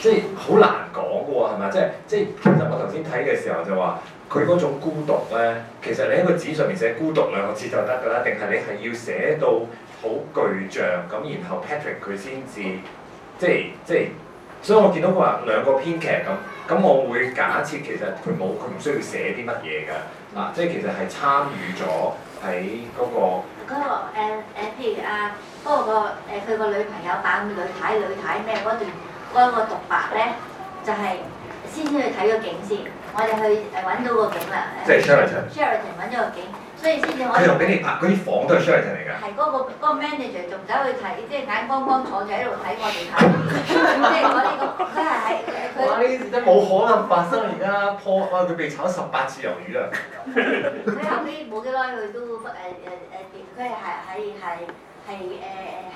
即係好難講喎，係咪？即係即係，其實我頭先睇嘅時候就話，佢嗰種孤獨呢，其實你喺個紙上面寫孤獨兩個字就得㗎啦，定係你係要寫到？好具象咁，然後 Patrick 佢先至即係即係，所以我見到佢話兩個編劇咁，咁我會假設其實佢冇佢唔需要寫啲乜嘢㗎嗱，即係其實係參與咗喺嗰個嗰、嗰個、呃呃、譬如啊嗰、呃嗰個誒佢個女朋友扮女睇女睇咩嗰段嗰、嗰個獨白咧，就係、係、先先去睇個景先，我哋去揾到個景啦，呃、即係 Shirley Chen，Shirley Chen 揾咗個景。所以先至可以佢又俾你拍，嗰啲房都係 shoot 嚟㗎。係、那、嗰個 manager 仲走去睇，即、那、係、個就是、眼光光坐住喺度睇我哋、這、睇、個。即係我呢個真係係。哇！呢是真冇可能發生，而家破案，佢、啊、被炒十八次魷魚 啊！佢後尾冇幾耐，佢都誒誒誒，佢係係係。呃係誒誒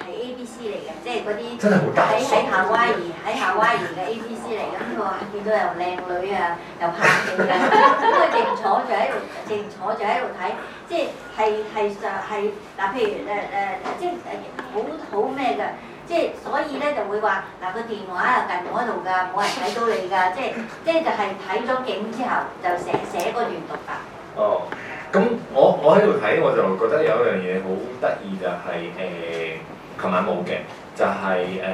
係 ABC 嚟嘅，即係嗰啲喺喺夏威夷喺夏威夷嘅 ABC 嚟，咁佢話見到又靚女啊，又拍戲啊，咁佢仲坐住喺度，仲坐住喺度睇，即係係就係、是、嗱，譬如誒誒，即係好好咩㗎，即、呃、係、就是就是、所以咧就會話嗱，個電話啊近我度㗎，冇人睇到你㗎，即係即係就係睇咗景之後就成寫個獨白。哦。Oh. 咁我我喺度睇，我就覺得有一樣嘢好得意就係誒，琴晚冇嘅就係誒，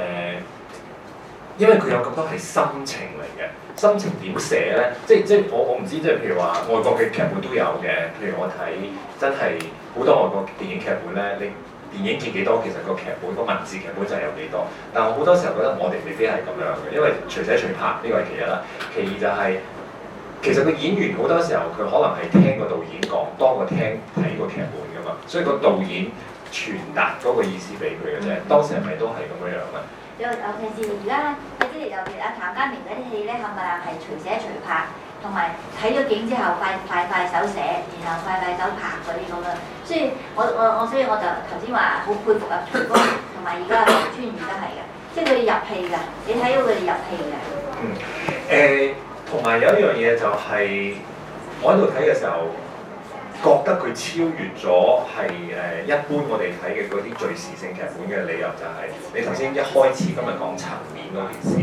因為佢有咁多係心情嚟嘅，心情點寫咧？即即我我唔知即譬如話外國嘅劇本都有嘅，譬如我睇真係好多外國電影劇本咧，你電影見幾多其實個劇本個文字劇本就係有幾多，但我好多時候覺得我哋未必係咁樣嘅，因為隨寫隨拍呢個係其一啦，其二就係。其實個演員好多時候佢可能係聽個導演講，多過聽睇個劇本噶嘛，所以個導演傳達嗰個意思俾佢嘅啫。當時係咪都係咁樣樣咧？有尤其是而家有啲嚟就譬如阿譚家明嗰啲戲咧，係咪係隨寫隨拍，同埋睇咗景之後快快快手寫，然後快快手拍嗰啲咁樣。所以我我我所以我就頭先話好佩服入場工，同埋而家阿穿越都係嘅，即係佢哋入戲㗎。你睇到佢哋入戲㗎。嗯。嗯嗯嗯。同埋有一樣嘢就係，我喺度睇嘅時候覺得佢超越咗係誒一般我哋睇嘅嗰啲敘事性劇本嘅理由就係，你頭先一開始今日講層面嗰件事，誒、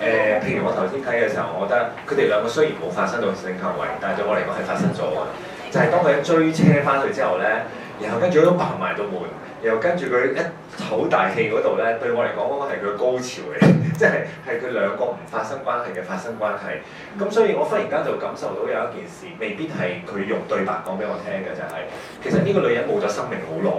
呃、譬如我頭先睇嘅時候，我覺得佢哋兩個雖然冇發生到性行為，但係對我嚟講係發生咗㗎，就係、是、當佢一追車翻去之後咧，然後跟住都拍埋到門。又跟住佢一唞大氣嗰度呢，對我嚟講嗰個係佢高潮嚟，即係係佢兩個唔發生關係嘅發生關係。咁所以我忽然間就感受到有一件事，未必係佢用對白講俾我聽嘅，就係、是、其實呢個女人冇咗生命好耐，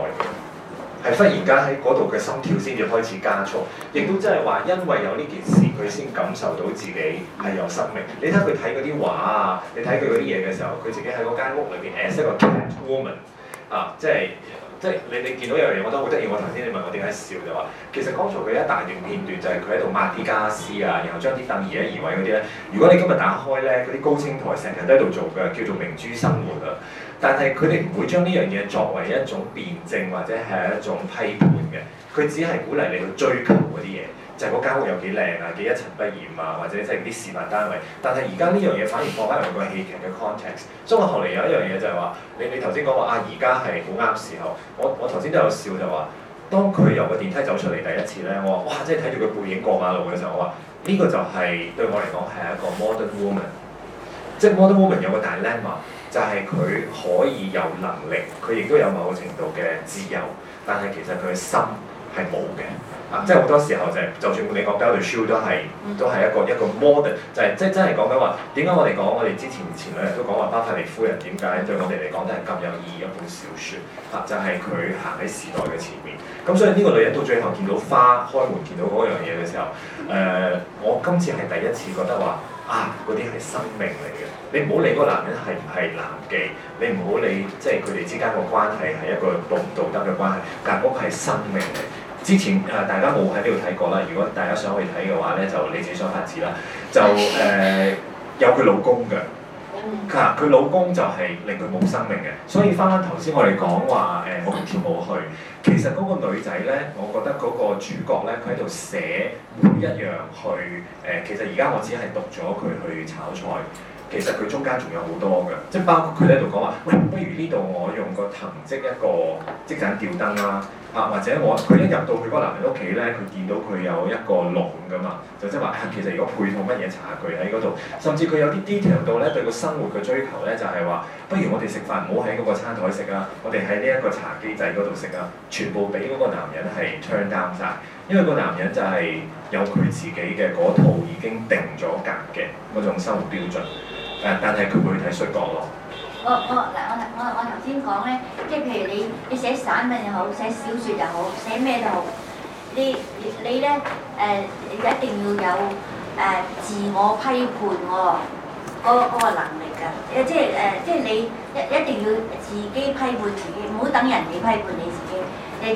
係忽然間喺嗰度嘅心跳先至開始加速，亦都即係話因為有呢件事，佢先感受到自己係有生命。你睇佢睇嗰啲畫啊，你睇佢嗰啲嘢嘅時候，佢自己喺嗰間屋裏邊，as a cat woman，即、啊、係。即係你，你見到一樣嘢我都好得意。我頭先你問我點解笑，就話其實剛才佢一大段片段就係佢喺度抹啲傢俬啊，然後將啲凳移一移位嗰啲咧。如果你今日打開咧，嗰啲高清台成日都喺度做嘅，叫做明珠生活啊。但係佢哋唔會將呢樣嘢作為一種辯證或者係一種批判嘅，佢只係鼓勵你去追求嗰啲嘢。就係個間屋有幾靚啊，幾一塵不染啊，或者即係啲示範單位。但係而家呢樣嘢反而放喺一個戲劇嘅 context。所以我後嚟有一樣嘢就係話，你你頭先講話啊，而家係好啱時候。我我頭先都有笑就話，當佢由個電梯走出嚟第一次咧，我話哇，即係睇住佢背影過馬路嘅時候，我話呢、這個就係、是、對我嚟講係一個 modern woman。即係 modern woman 有個大 dilemma 就係佢可以有能力，佢亦都有某個程度嘅自由，但係其實佢嘅心係冇嘅。啊、即係好多時候就係、是，就算你覺得《Brave New World》都係，都係一個一個 model，就係、是、即係真係講緊話，點解我哋講我哋之前前兩日都講話包法利夫人點解對我哋嚟講都係咁有意義一本小說？啊，就係佢行喺時代嘅前面。咁所以呢個女人到最後見到花開門見到嗰樣嘢嘅時候，誒、呃，我今次係第一次覺得話，啊，嗰啲係生命嚟嘅。你唔好理嗰個男人係唔係男妓，你唔好理即係佢哋之間個關係係一個道唔道德嘅關係，但嗰個係生命嚟。之前誒大家冇喺呢度睇過啦，如果大家想去睇嘅話咧，就你自己想法子啦。就誒、呃、有佢老公嘅，佢老公就係令佢冇生命嘅，所以翻翻頭先我哋講話誒我跳舞去，其實嗰個女仔咧，我覺得嗰個主角咧佢喺度寫每一樣去誒、呃，其實而家我只係讀咗佢去炒菜，其實佢中間仲有好多嘅，即係包括佢喺度講話，喂，不如呢度我用個藤織一個即盞吊燈啦。啊、或者我佢一入到佢嗰個男人屋企呢，佢見到佢有一個籠噶嘛，就即係話其實如果配套乜嘢茶具喺嗰度，甚至佢有啲 detail 度呢，對個生活嘅追求呢，就係話，不如我哋食飯唔好喺嗰個餐台食啊，我哋喺呢一個茶幾仔嗰度食啊，全部俾嗰個男人係搶擔曬，因為個男人就係有佢自己嘅嗰套已經定咗格嘅嗰種生活標準，啊、但係佢會睇衰角落。我我嗱，我我我頭先講咧，即係譬如你你寫散文又好，寫小說又好，寫咩都好，你你咧誒、呃、一定要有誒、呃、自我批判喎、哦，嗰、嗰個能力噶、啊，誒即係誒即係你一一定要自己批判自己，唔好等人哋批判你自己，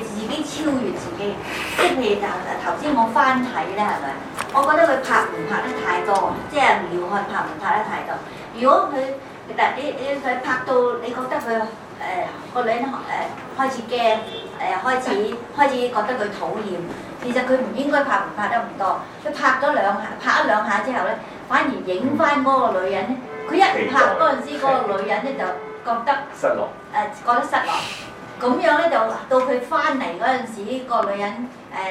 誒自己超越自己。即係譬如就頭先我翻睇咧，係咪？我覺得佢拍唔拍得太多，即係廖漢拍唔拍得太多。如果佢但係你你佢拍到，你覺得佢誒個女人誒、呃、開始驚誒、呃、開始開始覺得佢討厭。其實佢唔應該拍，唔拍得唔多。佢拍咗兩下，拍咗兩下之後咧，反而影翻嗰個女人咧，佢一拍嗰陣時，嗰個女人咧就覺得失落，誒、呃，覺得失落。咁樣咧就到佢翻嚟嗰陣時，個女人誒誒誒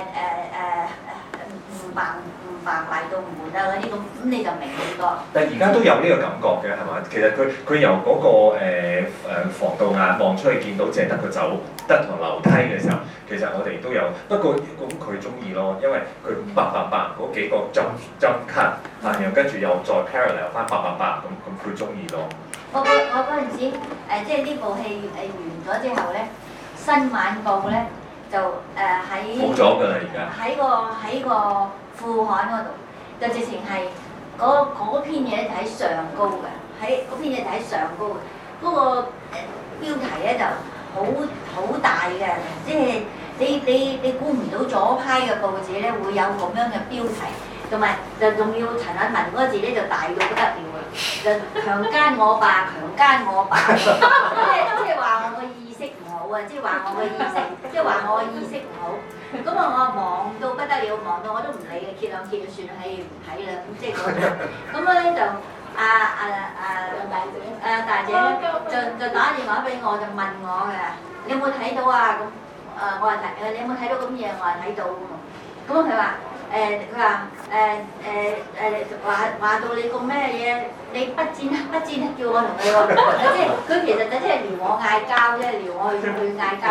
唔棒。呃呃呃呃煩到悶得嗰啲咁咁，你就明呢個。但係而家都有呢個感覺嘅係嘛？其實佢佢由嗰、嗰個誒防盜眼望出去見到只，只係得佢走得同樓梯嘅時候，其實我哋都有。不過咁佢中意咯，因為佢八百八嗰幾個針針 cut，啊，然後跟住又再 parallel 翻八百八，咁咁佢中意咯。我我我嗰陣時誒即係呢部戲誒完咗之後咧，新晚報咧就誒喺冇咗㗎啦，而家喺個喺個。富海度，就直情係嗰嗰篇嘢就喺上高嘅，喺嗰篇嘢就喺上高嘅。嗰個、呃、標題咧就好好大嘅，即、就、係、是、你你你估唔到左派嘅報紙咧會有咁樣嘅標題，同埋就仲要陳韻文個字咧就大到不得了，就強姦我爸，強姦我爸，即係即係話我個。意。 即係話我嘅意識，即係話我嘅意識唔好。咁啊，我忙到不得了，忙到我都唔理嘅，揭兩揭就算係唔睇啦。咁即係咁樣咁咧就啊啊啊，大、啊、姐啊，啊，大姐，就就打電話俾我，我、啊、我就問我嘅，你有冇睇到啊？咁誒，我話，睇。你有冇睇到咁嘢？我話，睇到嘅。咁佢話，誒佢話誒誒誒話話到你個咩嘢？你不戰不戰叫我同你喎，即係佢其實就即係撩我嗌交即啫，撩、就是、我去嗌交。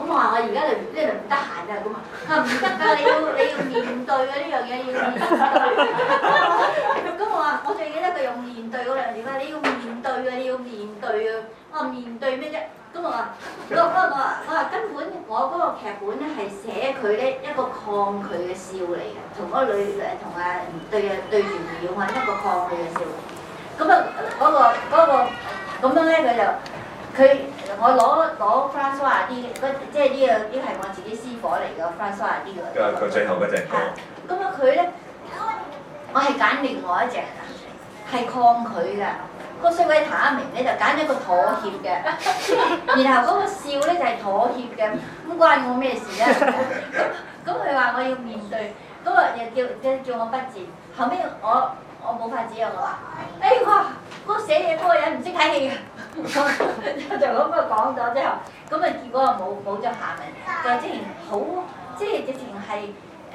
咁我話我而家就，呢度唔得閒啊咁啊，佢話唔得㗎，你要你要面對啊。呢樣嘢要面對。咁我話我最記得佢用面對嗰兩字，你要面對啊，你要面對啊。我、啊、面對咩啫？咁我話，我我我話，我話根本我嗰個劇本咧係寫佢咧一個抗拒嘅笑嚟嘅，同嗰個女誒同阿對啊對住吳婉一個抗拒嘅笑。咁啊嗰個嗰咁、那個那個、樣咧佢就佢我攞攞 Francoise 啲即係呢樣啲係我自己私夥嚟嘅 Francoise 啲佢為、這個、最後嗰隻歌。咁啊佢咧，我係揀另外一隻，係抗拒㗎。個衰鬼譚一明咧就揀咗個妥協嘅，然後嗰個笑咧就係妥協嘅，咁關我咩事咧？咁佢話我要面對，嗰日又叫叫叫我筆字，後尾我我冇法子啊我，我我哎哇，嗰寫嘢嗰個人唔識睇戲啊！」 就咁個講咗之後，咁啊結果啊冇冇咗下文，就之前好即係直情係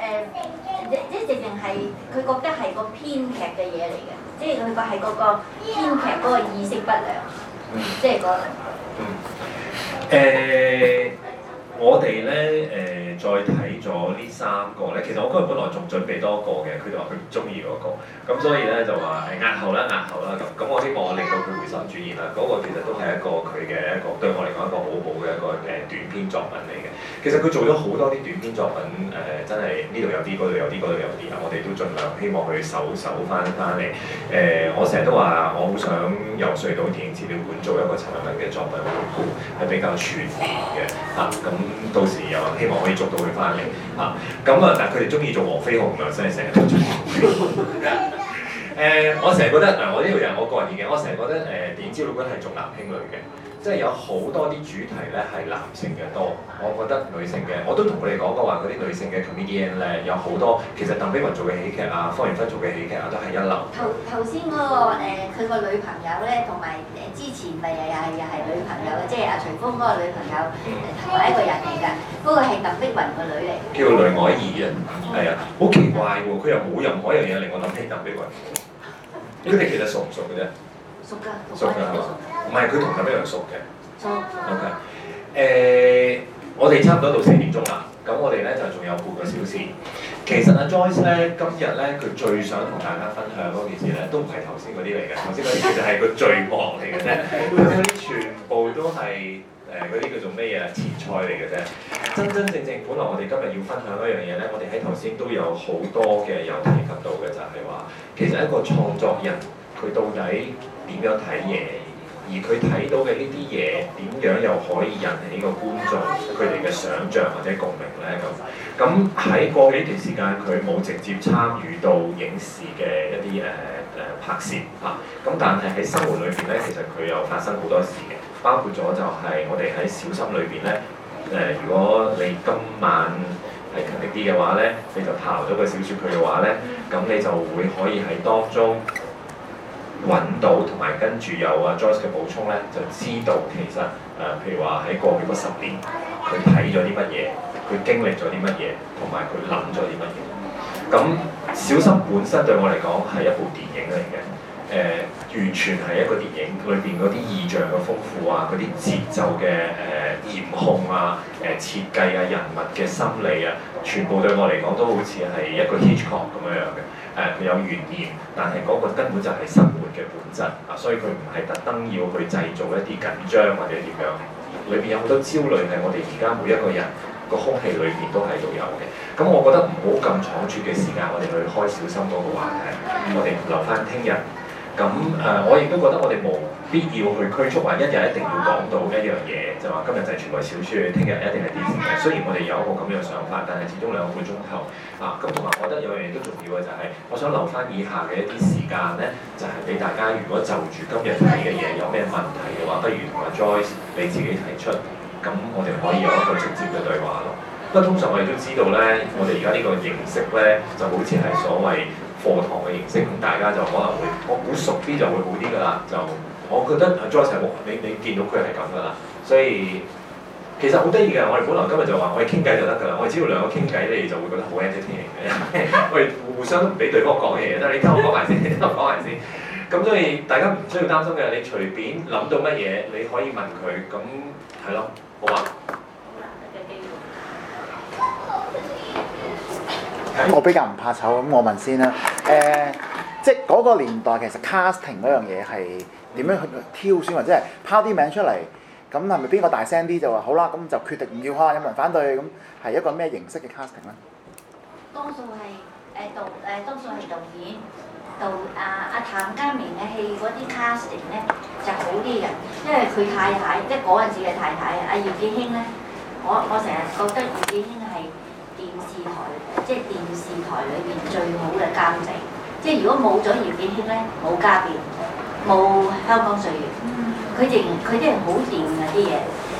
誒即係直情係佢覺得係個編劇嘅嘢嚟嘅。即係佢個係嗰個編劇嗰個意識不良，即係 個誒。 uh 我哋咧誒再睇咗呢三個咧，其實我今日本來仲準備多個嘅，佢就話佢唔中意嗰個，咁所以咧就話押後啦，押後啦咁。咁我希望我令到佢回心轉意啦，嗰、那個其實都係一個佢嘅一個對我嚟講一個好好嘅一個誒短篇作品嚟嘅。其實佢做咗好多啲短篇作品，誒、呃、真係呢度有啲，嗰度有啲，嗰度有啲啊。我哋都盡量希望佢搜搜翻翻嚟。誒、呃，我成日都話我好想游說到電影資料館做一個陳韻文嘅作品回顧，係比較全面嘅。啊，咁。到時又希望可以捉到佢翻嚟嚇，咁啊！但係佢哋中意做黃飛鴻啊，真係成日，都做黃飛鴻 誒、呃，我成日覺得嗱、呃，我呢個人我個人意見，我成日覺得誒、呃，電影招錄均係重男輕女嘅。即係有好多啲主題咧係男性嘅多，我覺得女性嘅我都同你講過話嗰啲女性嘅同 B D N 咧有好多，其實鄧碧雲做嘅喜劇啊，芳艷芬做嘅喜劇啊都係一流。頭頭先嗰個佢個、呃、女朋友咧，同埋誒之前咪又又又係女朋友嘅，即係阿徐楓嗰個女朋友，同、呃、埋一個人嚟㗎。嗰、那個係鄧碧雲個女嚟叫李愛兒啊。係、哎、啊，好的奇怪喎！佢又冇任何一樣嘢令我諗起鄧碧雲。佢哋 其實熟唔熟嘅啫？熟㗎的，熟㗎係嘛？的的唔係佢同佢一樣熟嘅，OK，誒，uh，我哋差唔多到四點鐘啦，咁我哋咧就仲有半個小時。其實阿 Joyce 咧今日咧佢最想同大家分享嗰件事咧，都唔係頭先嗰啲嚟嘅，頭先嗰啲其實係個序幕嚟嘅啫，嗰啲全部都係誒嗰啲叫做咩嘢啊前菜嚟嘅啫。真真正正本來我哋今日要分享一樣嘢咧，我哋喺頭先都有好多嘅有提及到嘅，就係話其實一個創作人佢到底點樣睇嘢？而佢睇到嘅呢啲嘢，點樣又可以引起個觀眾佢哋嘅想像或者共鳴呢？咁咁喺過呢段時間，佢冇直接參與到影視嘅一啲誒、呃呃、拍攝啊。咁但係喺生活裏邊呢，其實佢又發生好多事嘅，包括咗就係我哋喺小心裏邊呢誒，如果你今晚係勤力啲嘅話呢，你就刨咗個小說佢嘅話呢，咁你就會可以喺當中。揾到同埋跟住有啊 Joyce 嘅補充咧，就知道其實誒、呃，譬如話喺過咗嗰十年，佢睇咗啲乜嘢，佢經歷咗啲乜嘢，同埋佢諗咗啲乜嘢。咁《小心》本身對我嚟講係一部電影嚟嘅，誒、呃，完全係一個電影裏邊嗰啲意象嘅豐富啊，嗰啲節奏嘅誒、呃、嚴控啊，誒、呃、設計啊，人物嘅心理啊，全部對我嚟講都好似係一個 Hitchcock 咁樣樣嘅。誒，佢、啊、有懸念，但係嗰個根本就係生活嘅本質啊，所以佢唔係特登要去製造一啲緊張或者點樣。裏邊有好多焦慮，係我哋而家每一個人個空氣裏邊都喺度有嘅。咁我覺得唔好咁倉促嘅時間，我哋去開小心嗰個話題，我哋留翻聽日。咁誒、呃，我亦都覺得我哋無必要去拘束話一日一定要講到一樣嘢，就話、是、今日就係全部係小説，聽日一定係電視劇。雖然我哋有一個咁樣嘅想法，但係始終兩個半鐘頭啊！咁同埋我覺得有樣嘢都重要嘅就係、是，我想留翻以下嘅一啲時間呢，就係、是、俾大家如果就住今日睇嘅嘢有咩問題嘅話，不如同阿 Joyce 你自己提出，咁我哋可以有一個直接嘅對話咯。不過通常我哋都知道呢，我哋而家呢個形式呢，就好似係所謂。課堂嘅形式，咁大家就可能會，我估熟啲就會好啲㗎啦。就我覺得，Joyce， 你，你見到佢係咁㗎啦。所以其實好得意㗎，我哋本來今日就話我哋傾偈就得㗎啦。我哋只要兩個傾偈你哋就會覺得好 entertaining 我哋互相都唔俾對方講嘢，但係你聽我講埋先，你聽我講埋先。咁所以大家唔需要擔心嘅，你隨便諗到乜嘢，你可以問佢。咁係咯，好嘛？ 咁我比較唔怕醜，咁我問先啦。誒、呃，即係嗰個年代其實 casting 嗰樣嘢係點樣去挑選？或者係拋啲名出嚟，咁係咪邊個大聲啲就話好啦？咁就決定唔要啦。有冇人反對？咁係一個咩形式嘅 casting 咧、呃，多數係誒導誒多數係導演導阿阿、啊啊、譚家明嘅戲嗰啲 casting 咧就好啲嘅，因為佢太太即係嗰陣時嘅太太阿葉子興咧，我我成日覺得葉子興係電視台。即係電視台裏邊最好嘅監製，即、就、係、是、如果冇咗葉建興咧，冇家明，冇香江歲月，佢哋佢啲係好掂嗰啲嘢，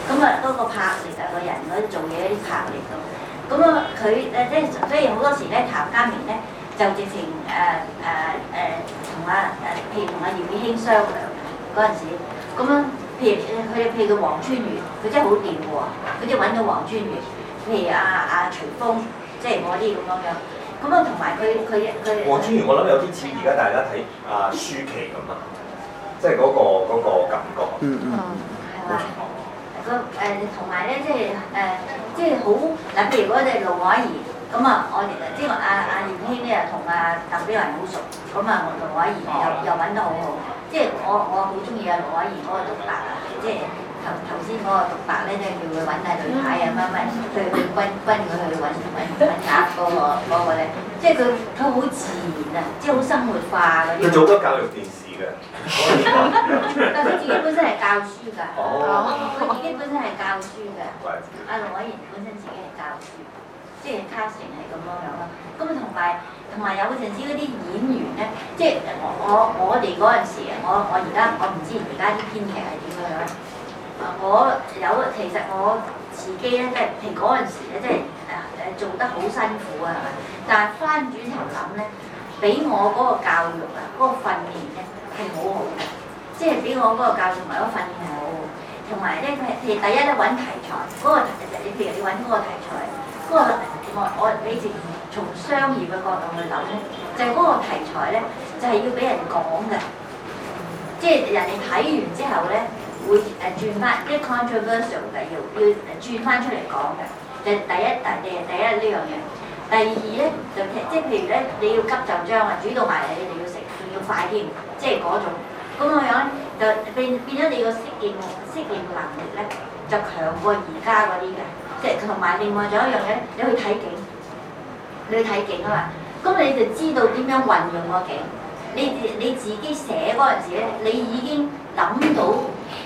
咁啊嗰個拍力啊個人嗰啲做嘢嗰啲拍力咁，咁啊佢誒即係所以好多時咧譚家明咧就直情誒誒誒同阿誒譬如同阿葉建興商量嗰陣時，咁樣譬如佢哋，譬如到黃川源，佢真係好掂喎，佢就揾咗黃川源，譬如阿阿、啊啊啊啊、徐峰。即係我啲咁樣樣，咁啊同埋佢佢佢。黃子華，我諗有啲似而家大家睇啊舒淇咁啊，即係嗰個嗰個感覺。嗯嗯。係嘛？個誒同埋咧，即係誒，即係好。嗱，譬如嗰隻盧偉賢，咁啊，我其實即係阿阿連軒咧，同阿鄧輝人好熟，咁啊，同盧偉賢又又揾得好好。即係我我好中意阿盧偉賢嗰個風格啊，即係。頭先嗰個獨白咧，即係叫佢揾大隊牌，啊，乜乜對佢分分佢去揾揾揾茶煲喎，嗰個咧，即係佢佢好自然啊，即係好生活化啲。佢做多教育電視㗎。 但佢自己本身係教書㗎。哦。佢自己本身係教書㗎。阿、哦啊、羅偉賢本身自己係教書 有有，即係 casting 係咁樣樣啦。咁啊同埋同埋有陣時嗰啲演員咧，即係我我我哋嗰陣時啊，我我而家我唔知而家啲編劇係點樣樣。我有，其實我自己咧，即係嗰陣時咧，即係誒誒做得好辛苦啊，係咪？但係翻轉頭諗咧，俾我嗰個教育啊，嗰個訓練咧係好好嘅，即係俾我嗰個教育同埋嗰個訓練係好好。同埋咧，係係第一咧揾題材，嗰個你譬如你揾嗰個題材，嗰個我我你直從商業嘅角度去諗咧，就係嗰個題材咧，就係要俾人講嘅，即係人哋睇完之後咧。會誒轉翻，即係 controversial 嚟要要誒轉翻出嚟講嘅，誒第一大嘅第一呢樣嘢，第二咧就即係譬如咧你要急就將啊，主動埋嚟你就要食，仲要快添，即係嗰種咁嘅樣咧，就變變咗你個適應適應能力咧就強過而家嗰啲嘅，即係同埋另外仲有一樣嘢你去睇景，你去睇景啊嘛，咁你就知道點樣運用個景，你你自己寫嗰陣時咧，你已經諗到。誒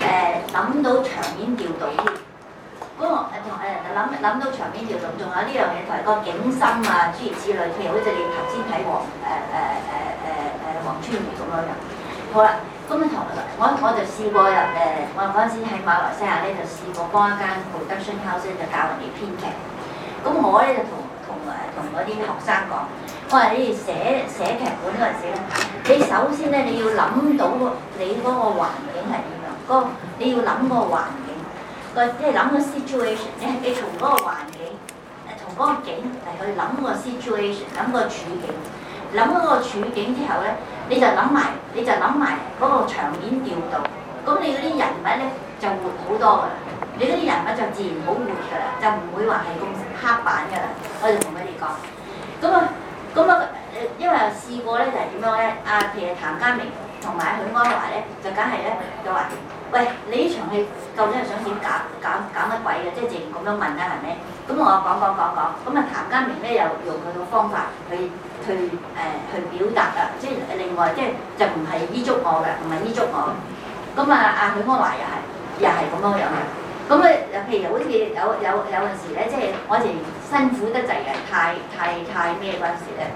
諗到場面調動添，嗰個同誒諗諗到場面調動，仲有呢樣嘢同埋個景深啊諸如此類。譬如好似你頭先睇黃誒誒誒誒誒黃春瑜咁樣樣，好啦，咁日同樣我我就試過入誒，我嗰陣時喺馬來西亞咧就試過幫一間 production house 就教人哋編劇。咁我咧就同同誒同嗰啲學生講，我話你哋寫寫劇本嗰陣時咧，你首先咧你要諗到你嗰個環境係點。那個你要諗個環境，個即係諗個 situation 咧，你從嗰個環境，誒同嗰個景嚟去諗個 situation，諗個處境，諗嗰個處境之後咧，你就諗埋，你就諗埋嗰個場面調度，咁你嗰啲人物咧就活好多㗎啦，你嗰啲人物就自然好活㗎啦，就唔會話係咁黑板㗎啦。我就同佢哋講，咁啊，咁啊，誒，因為試過咧就係點樣咧？啊，譬如譚家明。同埋許鞍華咧，就梗係咧，就話，喂，你呢場戲究竟係想點搞搞搞乜鬼嘅？即係淨係咁樣問啦、啊，係咪？咁同我講講講講，咁啊，譚家明咧又用佢個方法去去誒、呃、去表達啊，即係另外即係就唔係依足我嘅，唔係依足我。咁啊，阿許鞍華又係又係咁樣樣。咁啊，譬如好似有有有陣時咧，即係我哋辛苦得滯嘅，太太太咩嗰陣時咧，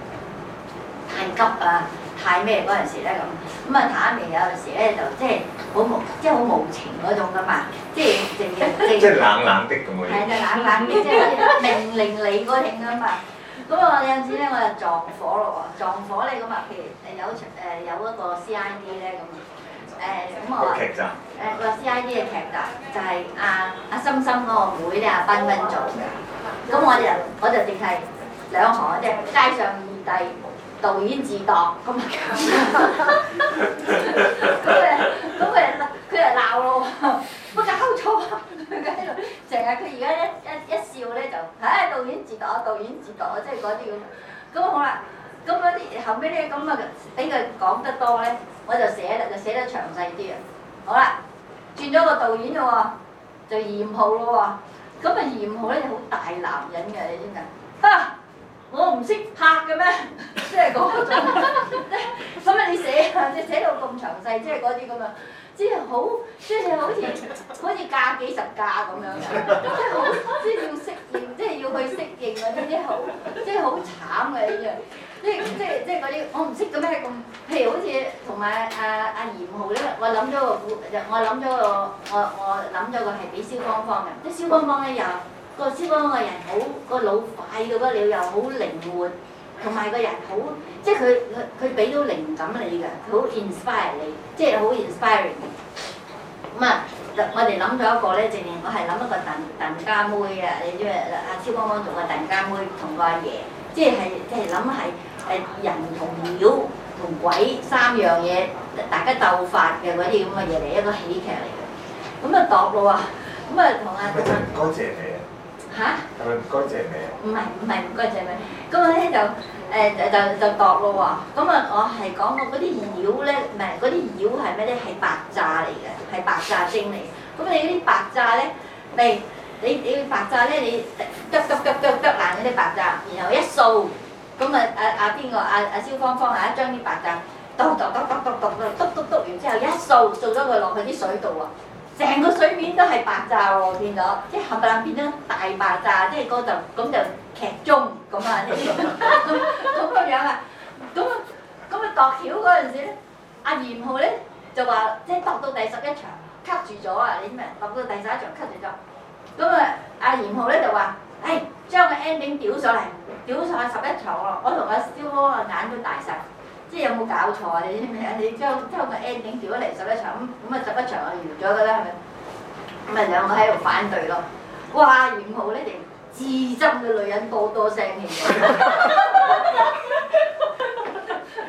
太急啊！太咩嗰陣時咧咁，咁啊，譚明有陣時咧就即係好無，即係好無情嗰種噶嘛，即係即係冷冷的咁喎。係、就是，即、就、係、是、 冷冷的，即係命令你嗰種咁啊。咁、就、啊、是，我有陣時咧我就撞火咯撞火咧咁、呃呃、啊，譬如誒有誒有嗰個 C I D 咧咁啊，誒、啊、咁、啊、我誒個 C I D 嘅劇集，就係阿阿心心嗰個妹咧，阿斌斌做嘅。咁我哋，我就淨係兩行即啫，就是、街上二導演自導咁啊！咁佢，咁佢又鬧，佢又鬧咯喎！乜 搞錯？喺成日佢而家一一笑呢，就，唉、哎！導演自導，導演自導啊，即係嗰啲咁。咁好啦，咁嗰啲後尾呢，咁啊俾佢講得多呢，我就寫得就寫得詳細啲啊！好啦，轉咗個導演咯喎，就嚴浩咯喎，咁啊嚴浩咧就好大男人嘅，你知唔知啊？我唔識拍嘅咩？即係講，使乜 你寫啊？即係寫到咁詳細，即係嗰啲咁啊！即係好，即係好似好似嫁幾十架咁樣嘅，即係好，即係要適應，即係要去適應嗰啲啲好，即係好慘嘅一樣。即係即係即係嗰啲，我唔識做咩咁？譬如好似同埋阿阿嚴浩咧，我諗咗個故，我諗咗個，我我諗咗個係俾蕭芳芳嘅，即係蕭芳芳咧又。個肖邦個人好，個腦快嘅不了，又好靈活，同埋個人好，即係佢佢俾到靈感你嘅，佢好 inspire 你，即係好 inspiring。咁啊，我哋諗咗一個咧，正我係諗一個鄧鄧家妹啊，你知唔知啊？阿肖邦同個鄧家妹同個阿爺，即係係即係諗係誒人同妖同鬼三樣嘢，大家鬥法嘅嗰啲咁嘅嘢嚟，一個喜劇嚟嘅。咁啊，度啦啊。咁啊，同阿。多謝你。嚇？係咪唔該謝咩？唔係唔係，唔該謝咩？咁我咧就誒，就就剁咯喎！咁啊我係講過嗰啲妖咧，唔係嗰啲妖係咩咧？係白炸嚟嘅，係白炸精嚟嘅。咁你嗰啲白炸咧嚟，你你白炸咧，你剁剁剁剁剁爛嗰啲白炸，然後一掃，咁啊阿啊邊個阿啊蕭芳芳啊，將啲白炸剁剁剁剁剁剁剁剁完之後一掃掃咗佢落去啲水度啊！成個水面都係爆炸喎，變咗，即係冚唪唥變咗大爆炸，即係嗰就咁就劇中咁、那個、啊，咁個樣啊，咁啊咁啊度橋嗰陣時咧，阿嚴浩咧就話，即係度到第十一場卡住咗啊，你知唔知？度到第十一場卡住咗，咁啊阿、啊、嚴浩咧就話，誒將個 ending 吊上嚟，吊上喺十一場喎，我同阿蕭科啊眼都大晒。即係有冇搞錯啊？你知唔知啊？你將將個 ending 調咗嚟十一場，咁咁啊十一場啊完咗㗎啦，係咪？咁啊兩個喺度反對咯。哇！嚴浩呢，啲自憎嘅女人多多聲氣啊！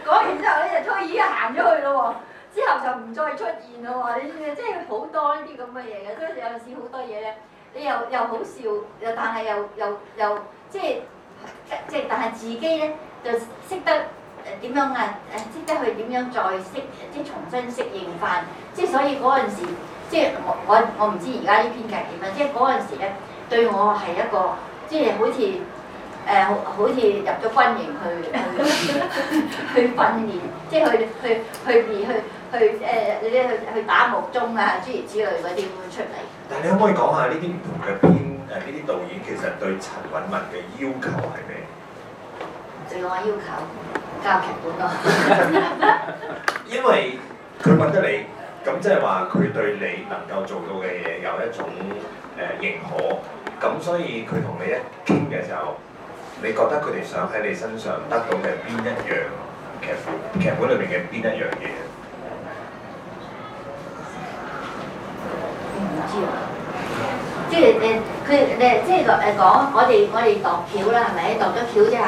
講完之後呢，就推已經行咗去咯喎，之後就唔再出現咯喎。你知唔知即係好多呢啲咁嘅嘢嘅，即係有陣時好多嘢咧，你又又好笑，又但係又又又即係即係，但係自己咧就識得。誒點樣啊？誒即係去點樣再適即係重新適應翻，即係所以嗰陣時，即係我我我唔知而家呢編劇點啊！即係嗰陣時咧，對我係一個即係好似誒、呃、好似入咗軍營去去去訓練，即係去去去去去你去、呃、去打木鐘啊諸如之類嗰啲咁出嚟。但係你可唔可以講下呢啲唔同嘅編誒呢啲導演其實對陳韻文嘅要求係咩？對我要求。教劇本咯、啊， 因為佢問得你，咁即係話佢對你能夠做到嘅嘢有一種誒認可，咁所以佢同你一傾嘅時候，你覺得佢哋想喺你身上得到嘅邊一樣劇劇本裏面嘅邊一樣嘢、嗯嗯就是？我唔知啊，即係誒佢誒即係誒講，我哋我哋度橋啦，係咪度咗橋之後，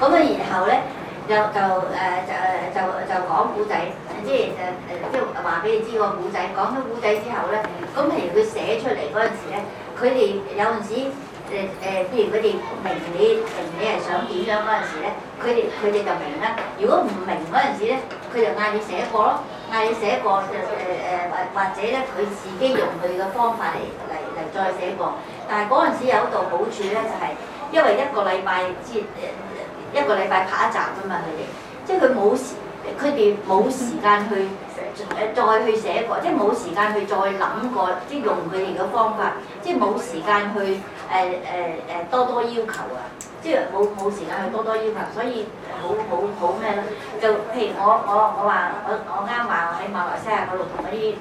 咁啊然後咧？就就誒就誒就就講古仔，即係誒誒，即係話俾你知個古仔。講咗古仔之後咧，咁譬如佢寫出嚟嗰陣時咧，佢哋有陣時誒誒，譬如佢哋明你明你係想點樣嗰陣時咧，佢哋佢哋就明啦。如果唔明嗰陣時咧，佢就嗌你寫過咯，嗌你寫過誒誒，或或者咧，佢自己用佢嘅方法嚟嚟嚟再寫過。但係嗰陣時有一度好處咧，就係，就係因為一個禮拜，即係一個禮拜拍一集㗎嘛，佢哋即係佢冇時，佢哋冇時間去再去寫過，即係冇時間去再諗過，即係用佢哋嘅方法，即係冇時間去誒誒誒多多要求啊，即係冇冇時間去多多要求，所以好好好咩咯？就譬如我我我話我我啱話喺馬來西亞嗰度同嗰啲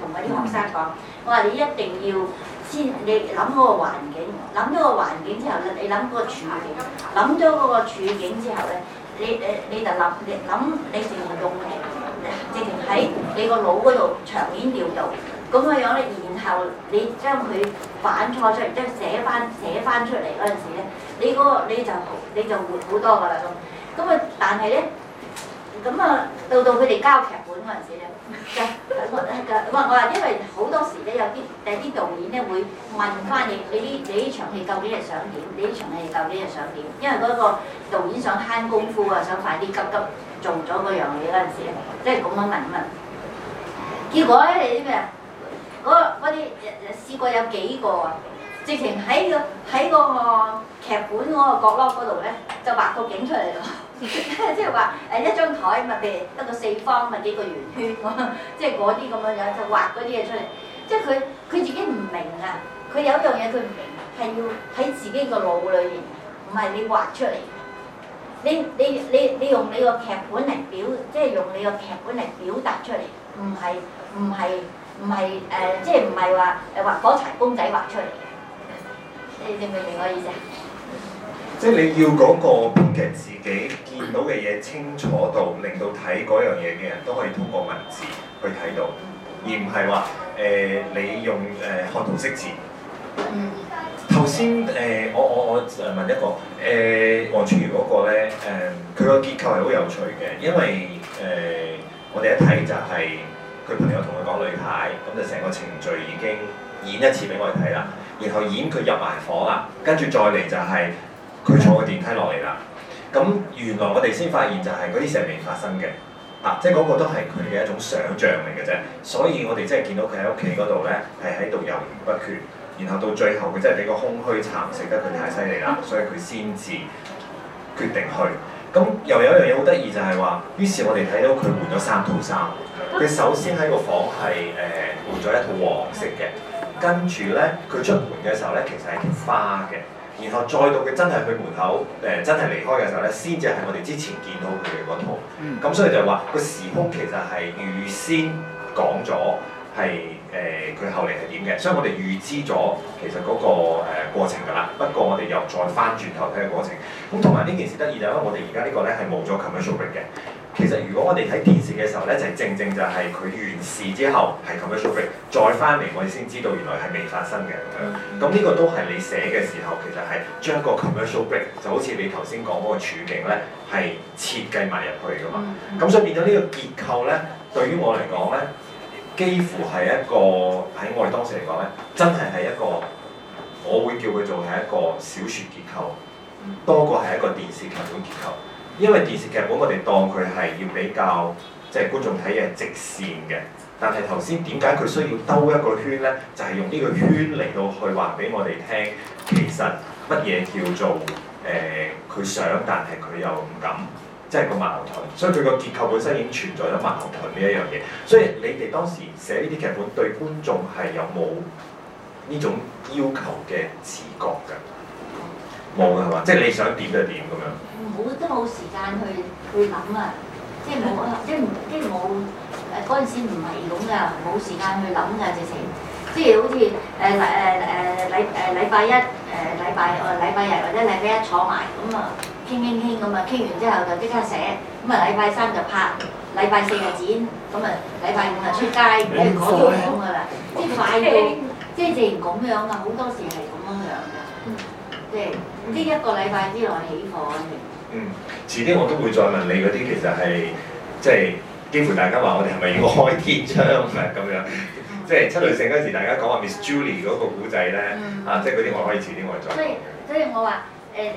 同同啲學生講，我話你一定要。先你諗嗰個環境，諗咗個環境之後你諗嗰個處境，諗咗嗰個處境之後呢你誒你你就諗，你諗你成日用，直情喺你個腦嗰度場面調度，咁嘅樣咧，然後你將佢反錯出嚟，即係寫翻寫翻出嚟嗰陣時咧，你嗰個你就你就活好多㗎啦咁。咁啊，但係呢咁啊到到佢哋交劇本嗰陣時咧。我係、嗯嗯嗯嗯嗯、我話因為好多時咧有啲第啲導演咧會問返你，你呢你呢場戲究竟係想點？你呢場戲究竟係想點？因為嗰個導演想慳功夫啊，想快啲急急做咗嗰樣嘢嗰陣時咧，即係咁樣問一問。結果咧你啲咩啊？啲誒誒試過有幾個啊？直情喺個喺個劇本嗰個角落嗰度咧，就畫個景出嚟咯。即係話誒一張台咪譬如得個四方咪幾個圓圈，即係嗰啲咁樣樣就畫嗰啲嘢出嚟。即係佢佢自己唔明啊！佢有一樣嘢佢唔明，係要喺自己個腦裏面，唔係你畫出嚟。你你你你用你個劇本嚟表，即係用你個劇本嚟表達出嚟，唔係唔係唔係誒，即係唔係話誒畫火柴公仔畫出嚟。你明唔明我意思啊？即係你要嗰個編劇自己見到嘅嘢清楚到，令到睇嗰樣嘢嘅人都可以通過文字去睇到，而唔係話誒你用誒看、呃、圖識字。頭先誒我我我誒問一個誒黃川茹嗰個咧，誒佢個結構係好有趣嘅，因為誒、呃、我哋一睇就係佢朋友同佢講女牌，咁就成個程序已經演一次俾我哋睇啦，然後演佢入埋火啊，跟住再嚟就係、是。佢坐個電梯落嚟啦，咁原來我哋先發現就係嗰啲事未發生嘅，啊，即係嗰個都係佢嘅一種想像嚟嘅啫。所以我哋即係見到佢喺屋企嗰度咧，係喺度猶豫不決，然後到最後佢真係俾個空虛蠶食得佢太犀利啦，所以佢先至決定去。咁又有一樣嘢好得意就係話，於是我哋睇到佢換咗三套衫。佢首先喺個房係誒換咗一套黃色嘅，跟住咧佢出門嘅時候咧，其實係件花嘅。然後再到嘅真係佢門口誒、呃、真係離開嘅時候咧，先至係我哋之前見到佢嘅嗰套。咁、嗯、所以就係話、這個時空其實係預先講咗係誒佢後嚟係點嘅，所以我哋預知咗其實嗰、那個誒、呃、過程㗎啦。不過我哋又再翻轉頭睇個過程。咁同埋呢件事得意就係因為我哋而家呢個咧係冇咗 commercial break 嘅。其實如果我哋睇電視嘅時候咧，就係正正就係佢完事之後係 commercial break，再翻嚟我哋先知道原來係未發生嘅咁樣。咁呢個都係你寫嘅時候，其實係將一個 commercial break，就好似你頭先講嗰個處境咧，係設計埋入去噶嘛。咁所以變咗呢個結構咧，對於我嚟講咧，幾乎係一個喺我哋當時嚟講咧，真係係一個我會叫佢做係一個小説結構，多過係一個電視劇本結構。因為電視劇本我哋當佢係要比較，即係觀眾睇嘢係直線嘅。但係頭先點解佢需要兜一個圈呢？就係用呢個圈嚟到去話俾我哋聽，其實乜嘢叫做誒佢想，但係佢又唔敢，即係個矛盾。所以佢個結構本身已經存在咗矛盾呢一樣嘢。所以你哋當時寫呢啲劇本對觀眾係有冇呢種要求嘅視覺㗎？冇㗎係嘛？即係你想點就點咁樣。都冇時間去去諗啊！即係冇，即係即係冇誒嗰陣時唔係咁噶，冇時間去諗噶直情。即係好似誒誒誒禮誒禮拜一誒禮拜誒禮拜日或者禮拜一坐埋咁啊，傾傾傾咁啊，傾完之後就即刻寫。咁啊，禮拜三就拍，禮拜四就剪，咁啊，禮拜五啊出街，誒嗰都係咁噶啦，即係快到，即係自然咁樣啊！好多時係咁樣樣噶，即係即係一個禮拜之內起貨。嗯，遲啲我都會再問你嗰啲，其實係即係幾乎大家話我哋係咪要開天窗啊咁樣，即係七女性嗰時大家講話 Miss Julie 嗰個古仔咧啊，即係嗰啲我可以遲啲我再問。所以所以，我話誒誒誒，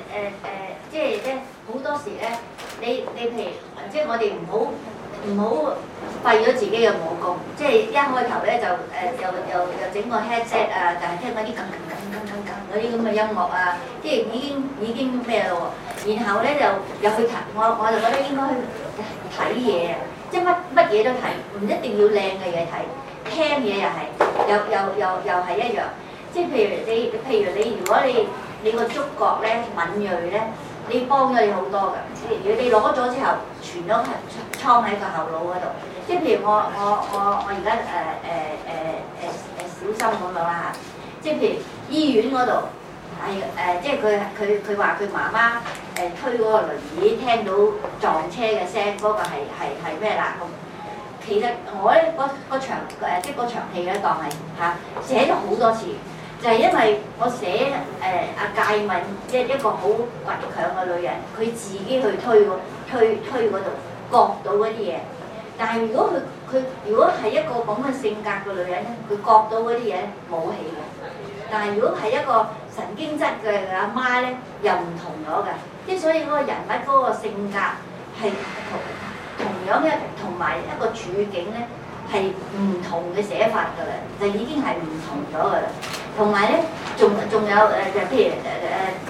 即係咧好多時咧，你你譬如即係我哋唔好。唔好廢咗自己嘅武功，即係一開頭咧就誒又又又整個 headset head，啊，但係聽嗰啲咁咁咁咁咁嗰啲咁嘅音樂啊，即係已經已經咩咯喎？然後咧就又去睇，我我就覺得應該去睇嘢啊，即係乜乜嘢都睇，唔一定要靚嘅嘢睇，聽嘢又係，又又又又係一樣，即係譬如你譬如你如果你你個觸覺咧敏鋭咧。你幫咗你好多㗎，如果你攞咗之後，全都係倉喺個後腦嗰度，即係譬如我我我我而家誒誒誒誒誒小心咁樣啦吓，即係譬如醫院嗰度，係、啊、誒，即係佢佢佢話佢媽媽誒、呃、推嗰個輪椅聽到撞車嘅聲，嗰、嗰個係係咩啦？咁其實我咧嗰嗰場誒即係嗰場戲咧，當係嚇、啊、寫咗好多次。就係因為我寫誒阿介敏即係一一個好倔強嘅女人，佢自己去推嗰推推度割到嗰啲嘢。但係如果佢佢如果係一個咁嘅性格嘅女人咧，佢割到嗰啲嘢冇起嘅。但係如果係一個神經質嘅阿媽咧，又唔同咗嘅。即係所以嗰個人物嗰、嗰個性格係同，同樣嘅，同埋一個處境咧。係唔同嘅寫法㗎喇，就已經係唔同咗㗎喇。同埋咧，仲仲有誒，就譬如誒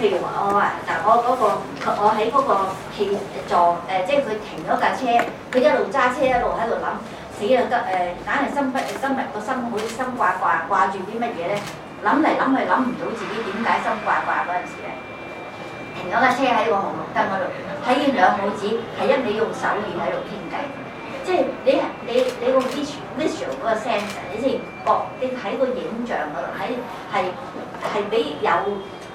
誒，譬如我話，嗱、哦那個，我嗰個我喺嗰個停座誒，即係佢停咗架車，佢一路揸車一路喺度諗，死又得誒，硬、呃、係心不心入個心好心，心，心，心，心掛掛，掛住啲乜嘢咧？諗嚟諗去諗唔到自己點解心掛掛嗰陣時咧，停咗架車喺個紅綠燈嗰度，睇見兩口子係因你用手語喺度傾偈。即係你你你個 visual 嗰個 sensor，你先覺你睇個影像嗰度喺係係俾有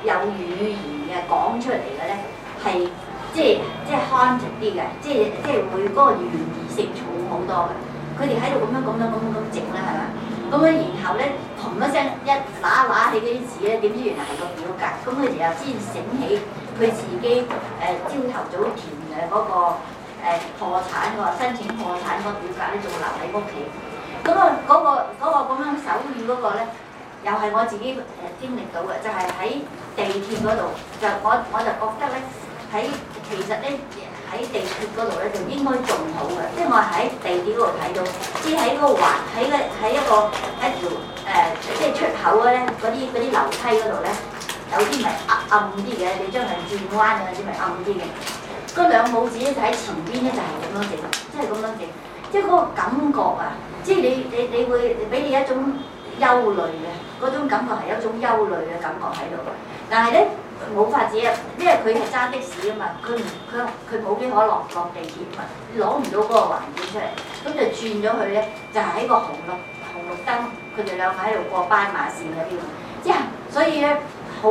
有語言嘅講出嚟嘅咧，係即係即係慳靜啲嘅，即係即係會嗰個語言性重好多嘅。佢哋喺度咁樣咁樣咁咁整啦，係咪？咁樣、mm hmm. 然後咧，同一聲一揦揦起嗰啲字咧，點知原來係個表格。咁佢哋又先醒起佢自己誒朝頭早填嘅嗰個。誒、欸、破產，我申請破產嗰表格咧仲留喺屋企，咁啊嗰個嗰、那個咁樣、那個那個、手語嗰個咧，又係我自己誒經歷到嘅，就係、是、喺地鐵嗰度，就我我就覺得咧喺其實咧喺地鐵嗰度咧就應該仲好嘅、就是就是呃，即係我喺地鐵嗰度睇到，即係喺嗰個環喺個喺一個喺條誒即係出口嗰咧啲嗰啲樓梯嗰度咧，有啲咪暗啲嘅，你將佢轉彎嗰啲咪暗啲嘅。嗰兩母子咧就喺前邊咧就係咁樣整，即係咁樣整，即係嗰個感覺啊！即係你你你會俾你一種憂慮嘅嗰種感覺係一種憂慮嘅感覺喺度。但係咧冇法子啊，因為佢係揸的士啊嘛，佢唔佢佢冇機可落落地鐵啊嘛，攞唔到嗰個環境出嚟，咁就轉咗去咧，就喺個紅綠紅綠燈，佢哋兩個喺度過斑馬線嗰邊。即係，所以咧好，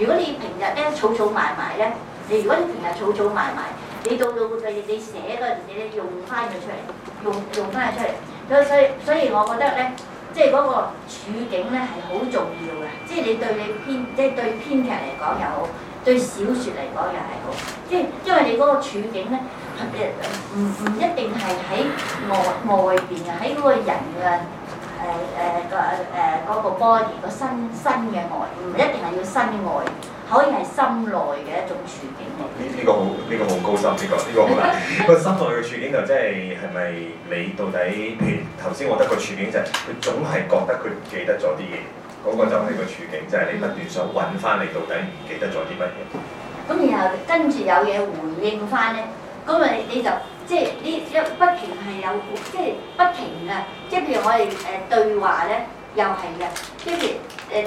如果你平日咧儲儲埋埋咧。你如果你成日草草埋埋，你到到你你寫嗰陣時咧用翻佢出嚟，用用翻佢出嚟，所以所以所以，我覺得咧，即係嗰個處境咧係好重要嘅，即係你對你編，即係對編劇嚟講又好，對小説嚟講又係好，即係因為你嗰個處境咧，唔唔一定係喺外外邊，喺嗰個人嘅誒誒個誒嗰個 body 個身身嘅外，唔一定係要身外。可以係心內嘅一種處境呢呢、這個好呢、這個好、這個、高深，呢、這個呢、這個好難。呢個 心內嘅處境就真係係咪你到底譬如頭先我得個處境就係佢總係覺得佢唔記得咗啲嘢，嗰、那個就係個處境，就係、是、你不斷想揾翻你到底唔記得咗啲乜嘢。咁然後跟住有嘢回應翻咧，咁啊你，你就即係呢一不停係有，即、就、係、是、不停嘅，即、就、係、是、譬如我哋誒、呃、對話咧。又係嘅，跟住誒誒誒誒，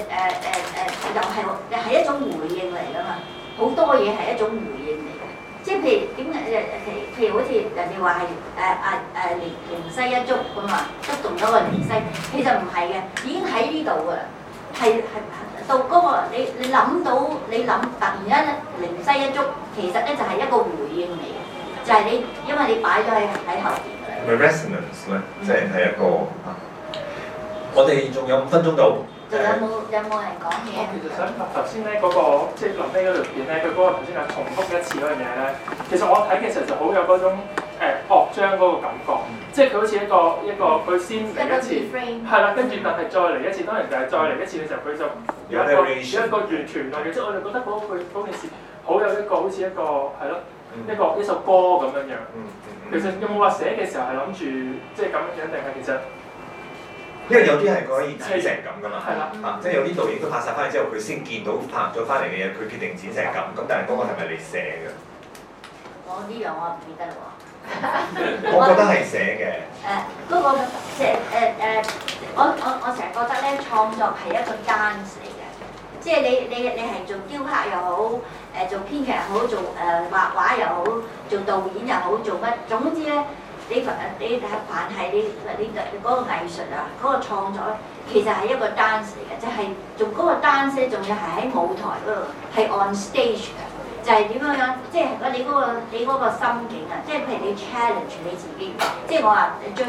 又係又係一種回應嚟噶嘛，好多嘢係一種回應嚟嘅。即係譬如點誒誒，譬如好似人哋話係誒啊誒，靈靈犀一觸咁話觸動到個靈犀，其實唔係嘅，已經喺呢度㗎啦。係係到嗰個你你諗到你諗突然間靈犀一觸，其實咧就係一個回應嚟嘅，就係你因為你擺咗喺喺後邊㗎啦。咩 resonance 咧，即係係一個啊？我哋仲有五分鐘到，仲有冇有冇人講嘢？我其實想問頭先咧，嗰個即係臨尾嗰條片咧，佢嗰個頭先係重複一次嗰樣嘢咧，其實我睇嘅時候就好有嗰種誒樂章嗰個感覺，即係佢好似一個一個，佢先嚟一次，係啦，跟住但係再嚟一次，當然就係再嚟一次嘅時候，佢就有一個有一個完全唔同嘅，即係我就覺得嗰句嗰件事好有一個好似一個係咯，一個一首歌咁樣樣。其實有冇話寫嘅時候係諗住即係咁樣樣定係？其實。因為有啲係可以剪成咁噶嘛，的啊，嗯、即係有啲導演都拍晒翻嚟之後，佢先見到拍咗翻嚟嘅嘢，佢決定剪成咁。咁但係嗰個係咪你寫㗎？寫 我呢樣我唔記得啦喎。我覺得係寫嘅。誒、呃，嗰個寫誒誒，我我我成日覺得咧，創作係一個 dance 嚟嘅，即係你你你係做雕刻又好，誒、呃、做編劇又好，做誒、呃、畫畫又好，做導演又好，做乜？總之咧。你凡係你，你嗰個藝術啊，嗰個創作其實係一個 dance 嚟嘅，就係做嗰個 dance 咧，仲要係喺舞台嗰度，係 on stage 嘅，就係點樣樣，即係你嗰個你嗰個心境啊，即係譬如你 challenge 你自己，即係我話最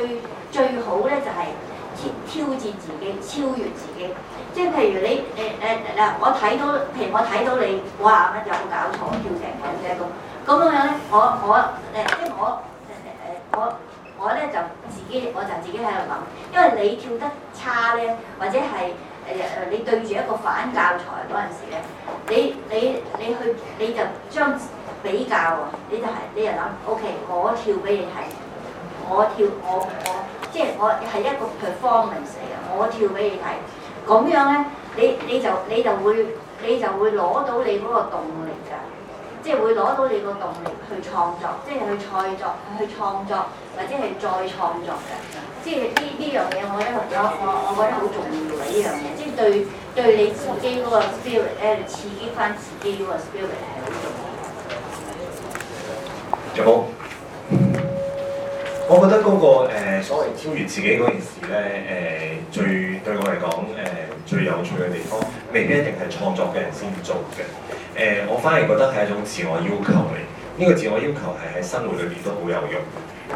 最好咧就係挑挑戰自己，超越自己，即係譬如你誒誒嗱，我睇到譬如我睇到你，哇！有冇搞錯，跳成鬼啫咁，咁樣咧，我我誒，即係我。就是我我咧就自己，我就自己喺度諗，因為你跳得差咧，或者係誒誒，你對住一個反教材嗰陣時咧，你你你去你就將比較，你就係你就諗 OK，我跳俾你睇，我跳我我，即係我係一個 performance 嚟嘅，我跳俾你睇，咁樣咧，你你就你就會你就會攞到你嗰個動力噶。即係會攞到你個動力去創作，即係去創作、去創作或者係再創作嘅。即係呢呢樣嘢，我覺得我我覺得好重要嘅呢樣嘢，即係對對你自己嗰個 spirit 咧，刺激翻自己個 spirit 係好重要。長寶、嗯，我覺得嗰、那個、呃、所謂超越自己嗰件事咧，誒、呃、最對我嚟講誒最有趣嘅地方，未必一定係創作嘅人先做嘅。誒，我反而覺得係一種自我要求嚟，呢個自我要求係喺生活裏邊都好有用。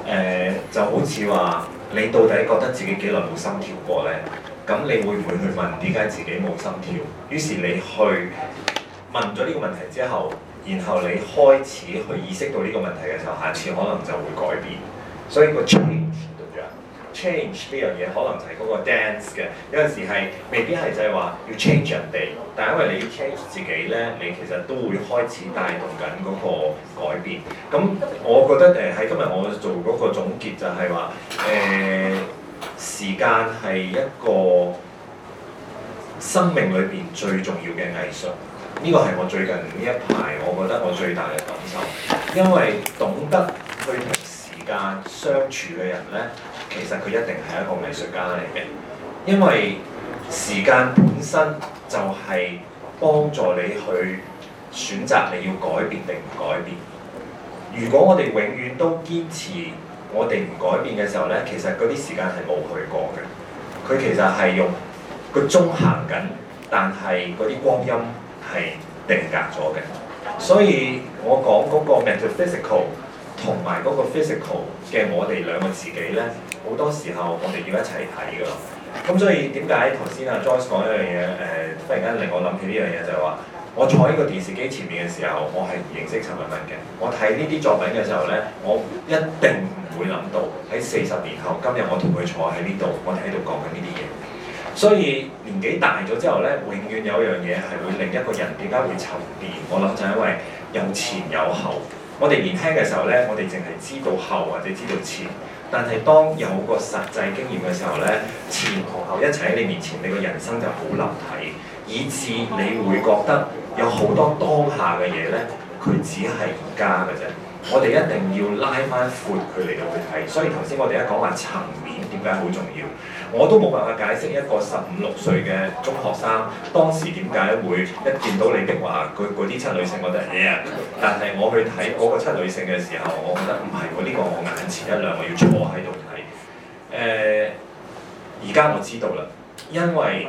誒，就好似話，你到底覺得自己幾耐冇心跳過呢？咁你會唔會去問點解自己冇心跳？於是你去問咗呢個問題之後，然後你開始去意識到呢個問題嘅時候，下次可能就會改變。所以個 Change 呢樣嘢可能就係嗰個 dance 嘅，有陣時係未必係就係話要 change 人哋，但係因為你要 change 自己咧，你其實都會開始帶動緊嗰個改變。咁我覺得誒喺、呃、今日我做嗰個總結就係話誒時間係一個生命裏邊最重要嘅藝術，呢個係我最近呢一排我覺得我最大嘅感受，因為懂得去相處嘅人咧，其實佢一定係一個藝術家嚟嘅，因為時間本身就係幫助你去選擇你要改變定唔改變。如果我哋永遠都堅持我哋唔改變嘅時候咧，其實嗰啲時間係冇去過嘅。佢其實係用個鐘行緊，但係嗰啲光陰係定格咗嘅。所以我講嗰個 metaphysical。同埋嗰個 physical 嘅我哋兩個自己咧，好多時候我哋要一齊睇㗎。咁所以點解頭先阿 Joyce 講一樣嘢？誒、呃，忽然間令我諗起呢樣嘢就係、是、話，我坐喺個電視機前面嘅時候，我係唔認識陳韻文嘅。我睇呢啲作品嘅時候咧，我一定唔會諗到喺四十年後今日我同佢坐喺呢度，我哋喺度講緊呢啲嘢。所以年紀大咗之後咧，永遠有一樣嘢係會令一個人更加會沉澱。我諗就係因為有前有後。我哋年輕嘅時候呢，我哋淨係知道後或者知道前，但係當有個實際經驗嘅時候呢，前同後一齊喺你面前，你嘅人生就好立體，以至你會覺得有好多當下嘅嘢呢，佢只係而家嘅啫。我哋一定要拉翻闊距離去睇，所以頭先我哋一講話層面。點解好重要？我都冇辦法解釋一個十五六歲嘅中學生當時點解會一見到李碧華佢嗰啲七女性我就係嘢啊！但係我去睇嗰個七女性嘅時候，我覺得唔係我呢、這個我眼前一亮，我要坐喺度睇。誒、呃，而家我知道啦，因為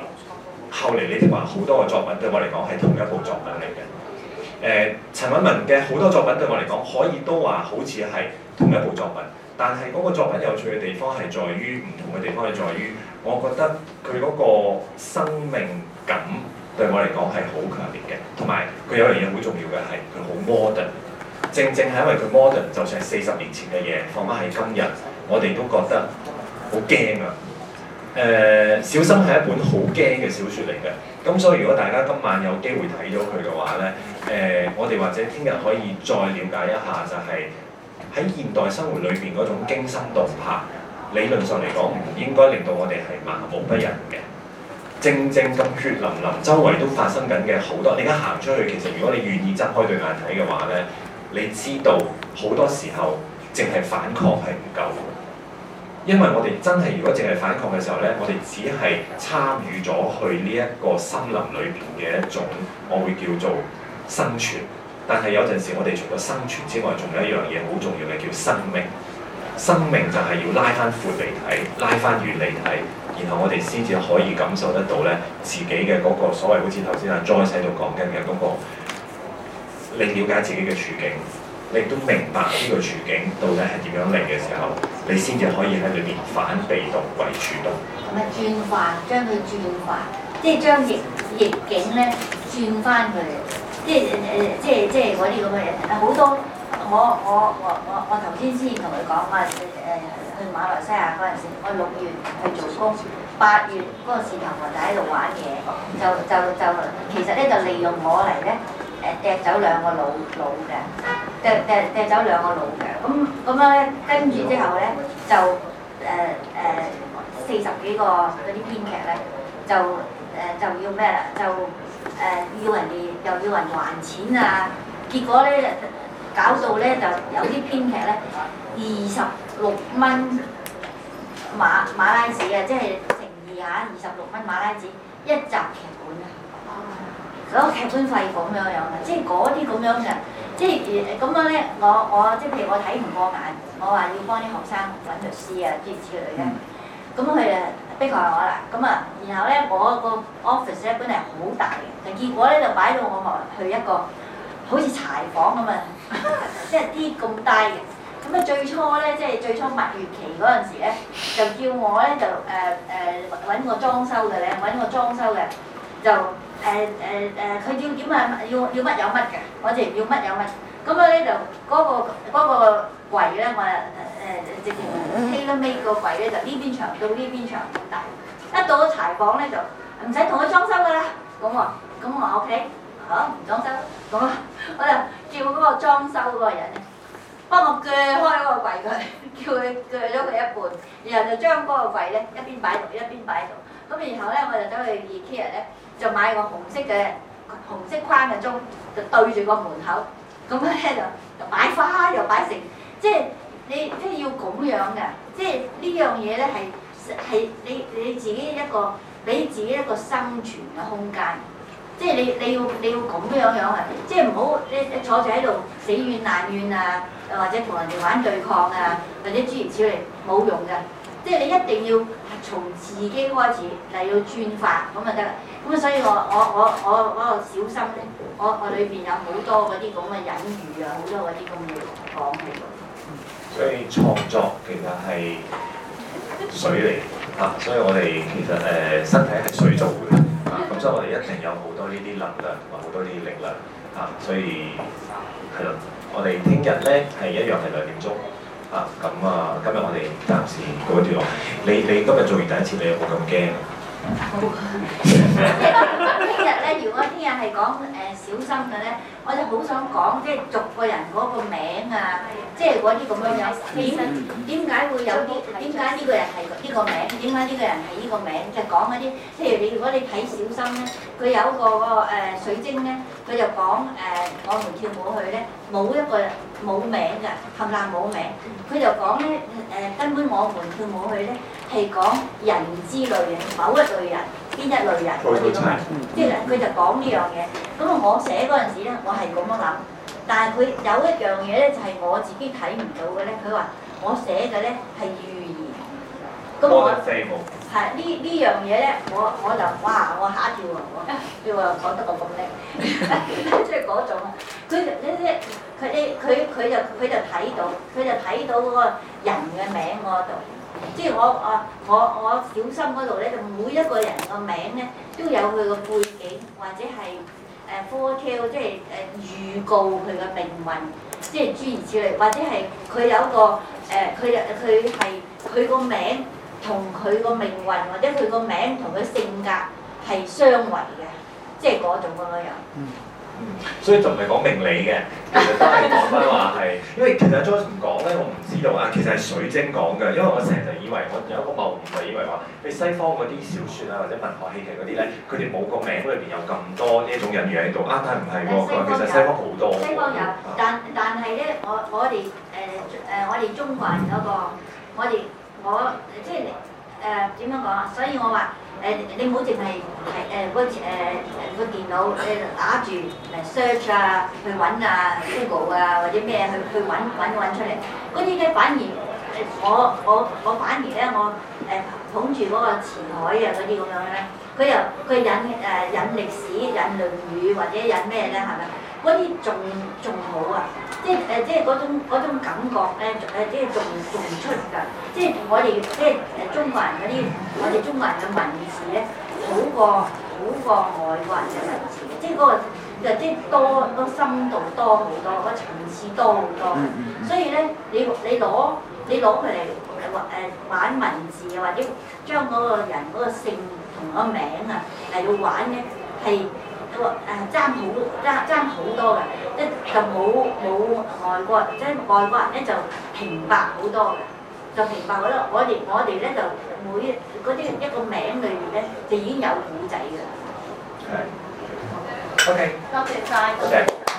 後嚟李碧華好多個作品對我嚟講係同一部作品嚟嘅。誒、呃，陳韻文嘅好多作品對我嚟講可以都話好似係同一部作品。但係嗰個作品有趣嘅地方係在於唔同嘅地方係在於，我覺得佢嗰個生命感對我嚟講係好強烈嘅，同埋佢有樣嘢好重要嘅係佢好 modern，正正係因為佢 modern，就算係四十年前嘅嘢放翻喺今日，我哋都覺得好驚啊！誒、呃，小心係一本好驚嘅小説嚟嘅，咁所以如果大家今晚有機會睇到佢嘅話咧，誒、呃，我哋或者聽日可以再了解一下就係、是。喺現代生活裏邊嗰種驚心動魄，理論上嚟講唔應該令到我哋係麻木不仁嘅。正正咁血淋淋，周圍都發生緊嘅好多。你而家行出去，其實如果你願意睜開對眼睇嘅話咧，你知道好多時候淨係反抗係唔夠，因為我哋真係如果淨係反抗嘅時候咧，我哋只係參與咗去呢一個森林裏邊嘅一種，我會叫做生存。但係有陣時，我哋除咗生存之外，仲有一樣嘢好重要嘅，叫生命。生命就係要拉翻闊嚟睇，拉翻遠嚟睇，然後我哋先至可以感受得到咧自己嘅嗰個所謂好似頭先阿 Joy 喺度講緊嘅嗰個，你了解自己嘅處境，你都明白呢個處境到底係點樣嚟嘅時候，你先至可以喺裏面反被到、圍處到反被動為主動，咁啊轉化，將佢轉化，即係將逆逆境咧轉翻佢。即係即係嗰啲咁嘅嘢。好多我我我我我頭先先同佢講話，誒去馬來西亞嗰陣時，我六月去做工，八月嗰陣時同我就喺度玩嘢，就就就其實咧就利用我嚟咧誒掟走兩個老老嘅，掟掟走兩個老嘅。咁咁咧，跟住之後咧就誒誒、呃、四十幾個嗰啲編劇咧就誒就要咩啦，就。呃就誒、呃、要人哋又要人還錢啊！結果呢，搞到呢就有啲編劇呢，二十六蚊馬馬拉子啊，即係成二啊，二十六蚊馬拉子一集劇本啊，嗰、哦、劇本費咁樣樣、啊、嘅，即係嗰啲咁樣嘅，即係咁樣呢。我我即係譬如我睇唔過眼，我話要幫啲學生搵律師啊，諸如此類嘅，咁佢啊。包括我啦，咁啊，然後咧，我個 office 咧本嚟好大嘅，但結果咧就擺到我咪去一個好似柴房咁啊，即係啲咁低嘅。咁啊，最初咧，即係最初蜜月期嗰陣時咧，就叫我咧就誒誒揾個裝修嘅咧，揾個裝修嘅，就誒誒誒，佢要點啊？要要乜有乜嘅，嗰陣要乜有乜。咁啊咧就嗰個嗰個櫃咧，我誒誒、呃、直接黐到尾個櫃咧，就呢邊長到呢邊長咁大。一到咗柴房咧，就唔使同佢裝修噶啦。咁話咁我 O K，好，唔裝修。咁我，我就叫嗰個裝修嗰個人幫我鋸開嗰個櫃佢，叫佢鋸咗佢一半，然後就將嗰個櫃咧一邊擺度，一邊擺度。咁然後咧，我就走去 IKEA 咧，就買個紅色嘅紅色框嘅鐘，就對住個門口。咁咧就擺花又擺成，即係你即係要咁樣嘅，即係呢樣嘢咧係係你你自己一個俾自己一個生存嘅空間，即係你你要你要咁樣樣啊！即係唔好你坐住喺度死怨難怨啊，又或者同人哋玩對抗啊，或者諸如此類冇用嘅，即係你一定要從自己開始嚟要轉化咁就得啦。咁所以我我我我嗰小心咧。我我裏邊有好多嗰啲咁嘅隱喻啊，好多嗰啲咁嘅講喺度。所以創作其實係水嚟嚇、啊，所以我哋其實誒、呃、身體係水做嘅嚇，咁、啊、所以我哋一定有好多呢啲能量同埋好多呢啲力量嚇、啊，所以係啦。我哋聽日咧係一樣係兩點鐘嚇，咁啊，啊今日我哋暫時告一段落，你你今日做完第一次你有冇咁驚？ 咧，如果聽日係講誒小心嘅咧，我就好想講，即係逐個人嗰個名啊，即係嗰啲咁樣樣，點解會有啲，點解呢個人係呢個名？點解呢個人係呢個名？就講嗰啲，譬如你如果你睇小心咧，佢有一個個、呃、水晶咧，佢就講誒我們跳舞去咧，冇一個冇名嘅冚 𠾴 冇名，佢就講咧誒根本我們跳舞去咧係講人之類嘅，某一類人。邊一類人，咁即係佢就講呢樣嘢。咁我寫嗰陣時咧，我係咁樣諗。但係佢有一樣嘢咧，就係我自己睇唔到嘅咧。佢話我寫嘅咧係預言。咁我，係呢呢樣嘢咧，我我就哇，我嚇住喎！你話講得我咁叻，即係嗰種。佢咧咧，佢咧佢佢就佢就睇到，佢就睇到嗰個人嘅名嗰度。即係我我我我小心嗰度咧，就每一個人個名咧都有佢個背景，或者係誒 fortune 即係誒預告佢嘅命運，即係諸如此類，或者係佢有一個誒，佢又佢係佢個名同佢個命運，或者佢個名同佢性格係相違嘅，即係嗰種咁樣樣。嗯嗯、所以就唔係講命理嘅，其實都係講翻話係，因為其實 Justin 講咧，我唔知道啊。其實係水晶講嘅，因為我成日就以為我有一個謬誤就以為話，你西方嗰啲小說啊或者文學戲劇嗰啲咧，佢哋冇個名裏邊有咁多呢一種隱喻喺度啊。但係唔係喎，佢話其實西方好多。西方有，嗯、但但係咧，我我哋誒誒，我哋、呃、中國嗰、那個，我哋我即係。誒，點、呃、樣講啊？所以我話，誒、呃，你唔好淨係係誒嗰誒個電腦誒，打住誒 search 啊去揾啊 Google 啊或者咩去去揾揾揾出嚟嗰啲咧，反而誒，我我我反而咧我誒捧住嗰個辭海啊嗰啲咁樣咧，佢又佢引誒引歷史引論語，或者引咩咧係咪？悠苦嗰啲仲仲好啊，即係誒，即係嗰種嗰種感覺咧，誒，即係仲仲出格。即係我哋即係誒，中國人嗰啲，我哋中國人嘅文字咧，好過好過外國人嘅文字即係嗰、嗰個就即係多、嗰個深度多好多，嗰個層次多好多。所以咧，你你攞你攞佢嚟誒，誒玩文字啊，或者將嗰個人嗰個姓同個名啊係要玩咧係。誒，爭好爭爭好多嘅，即係就冇冇外國，即係外國人咧就平白好多嘅，就平白好多。我哋我哋咧就每一嗰啲一個名裏面咧就已經有古仔㗎。係。O K。多謝曬。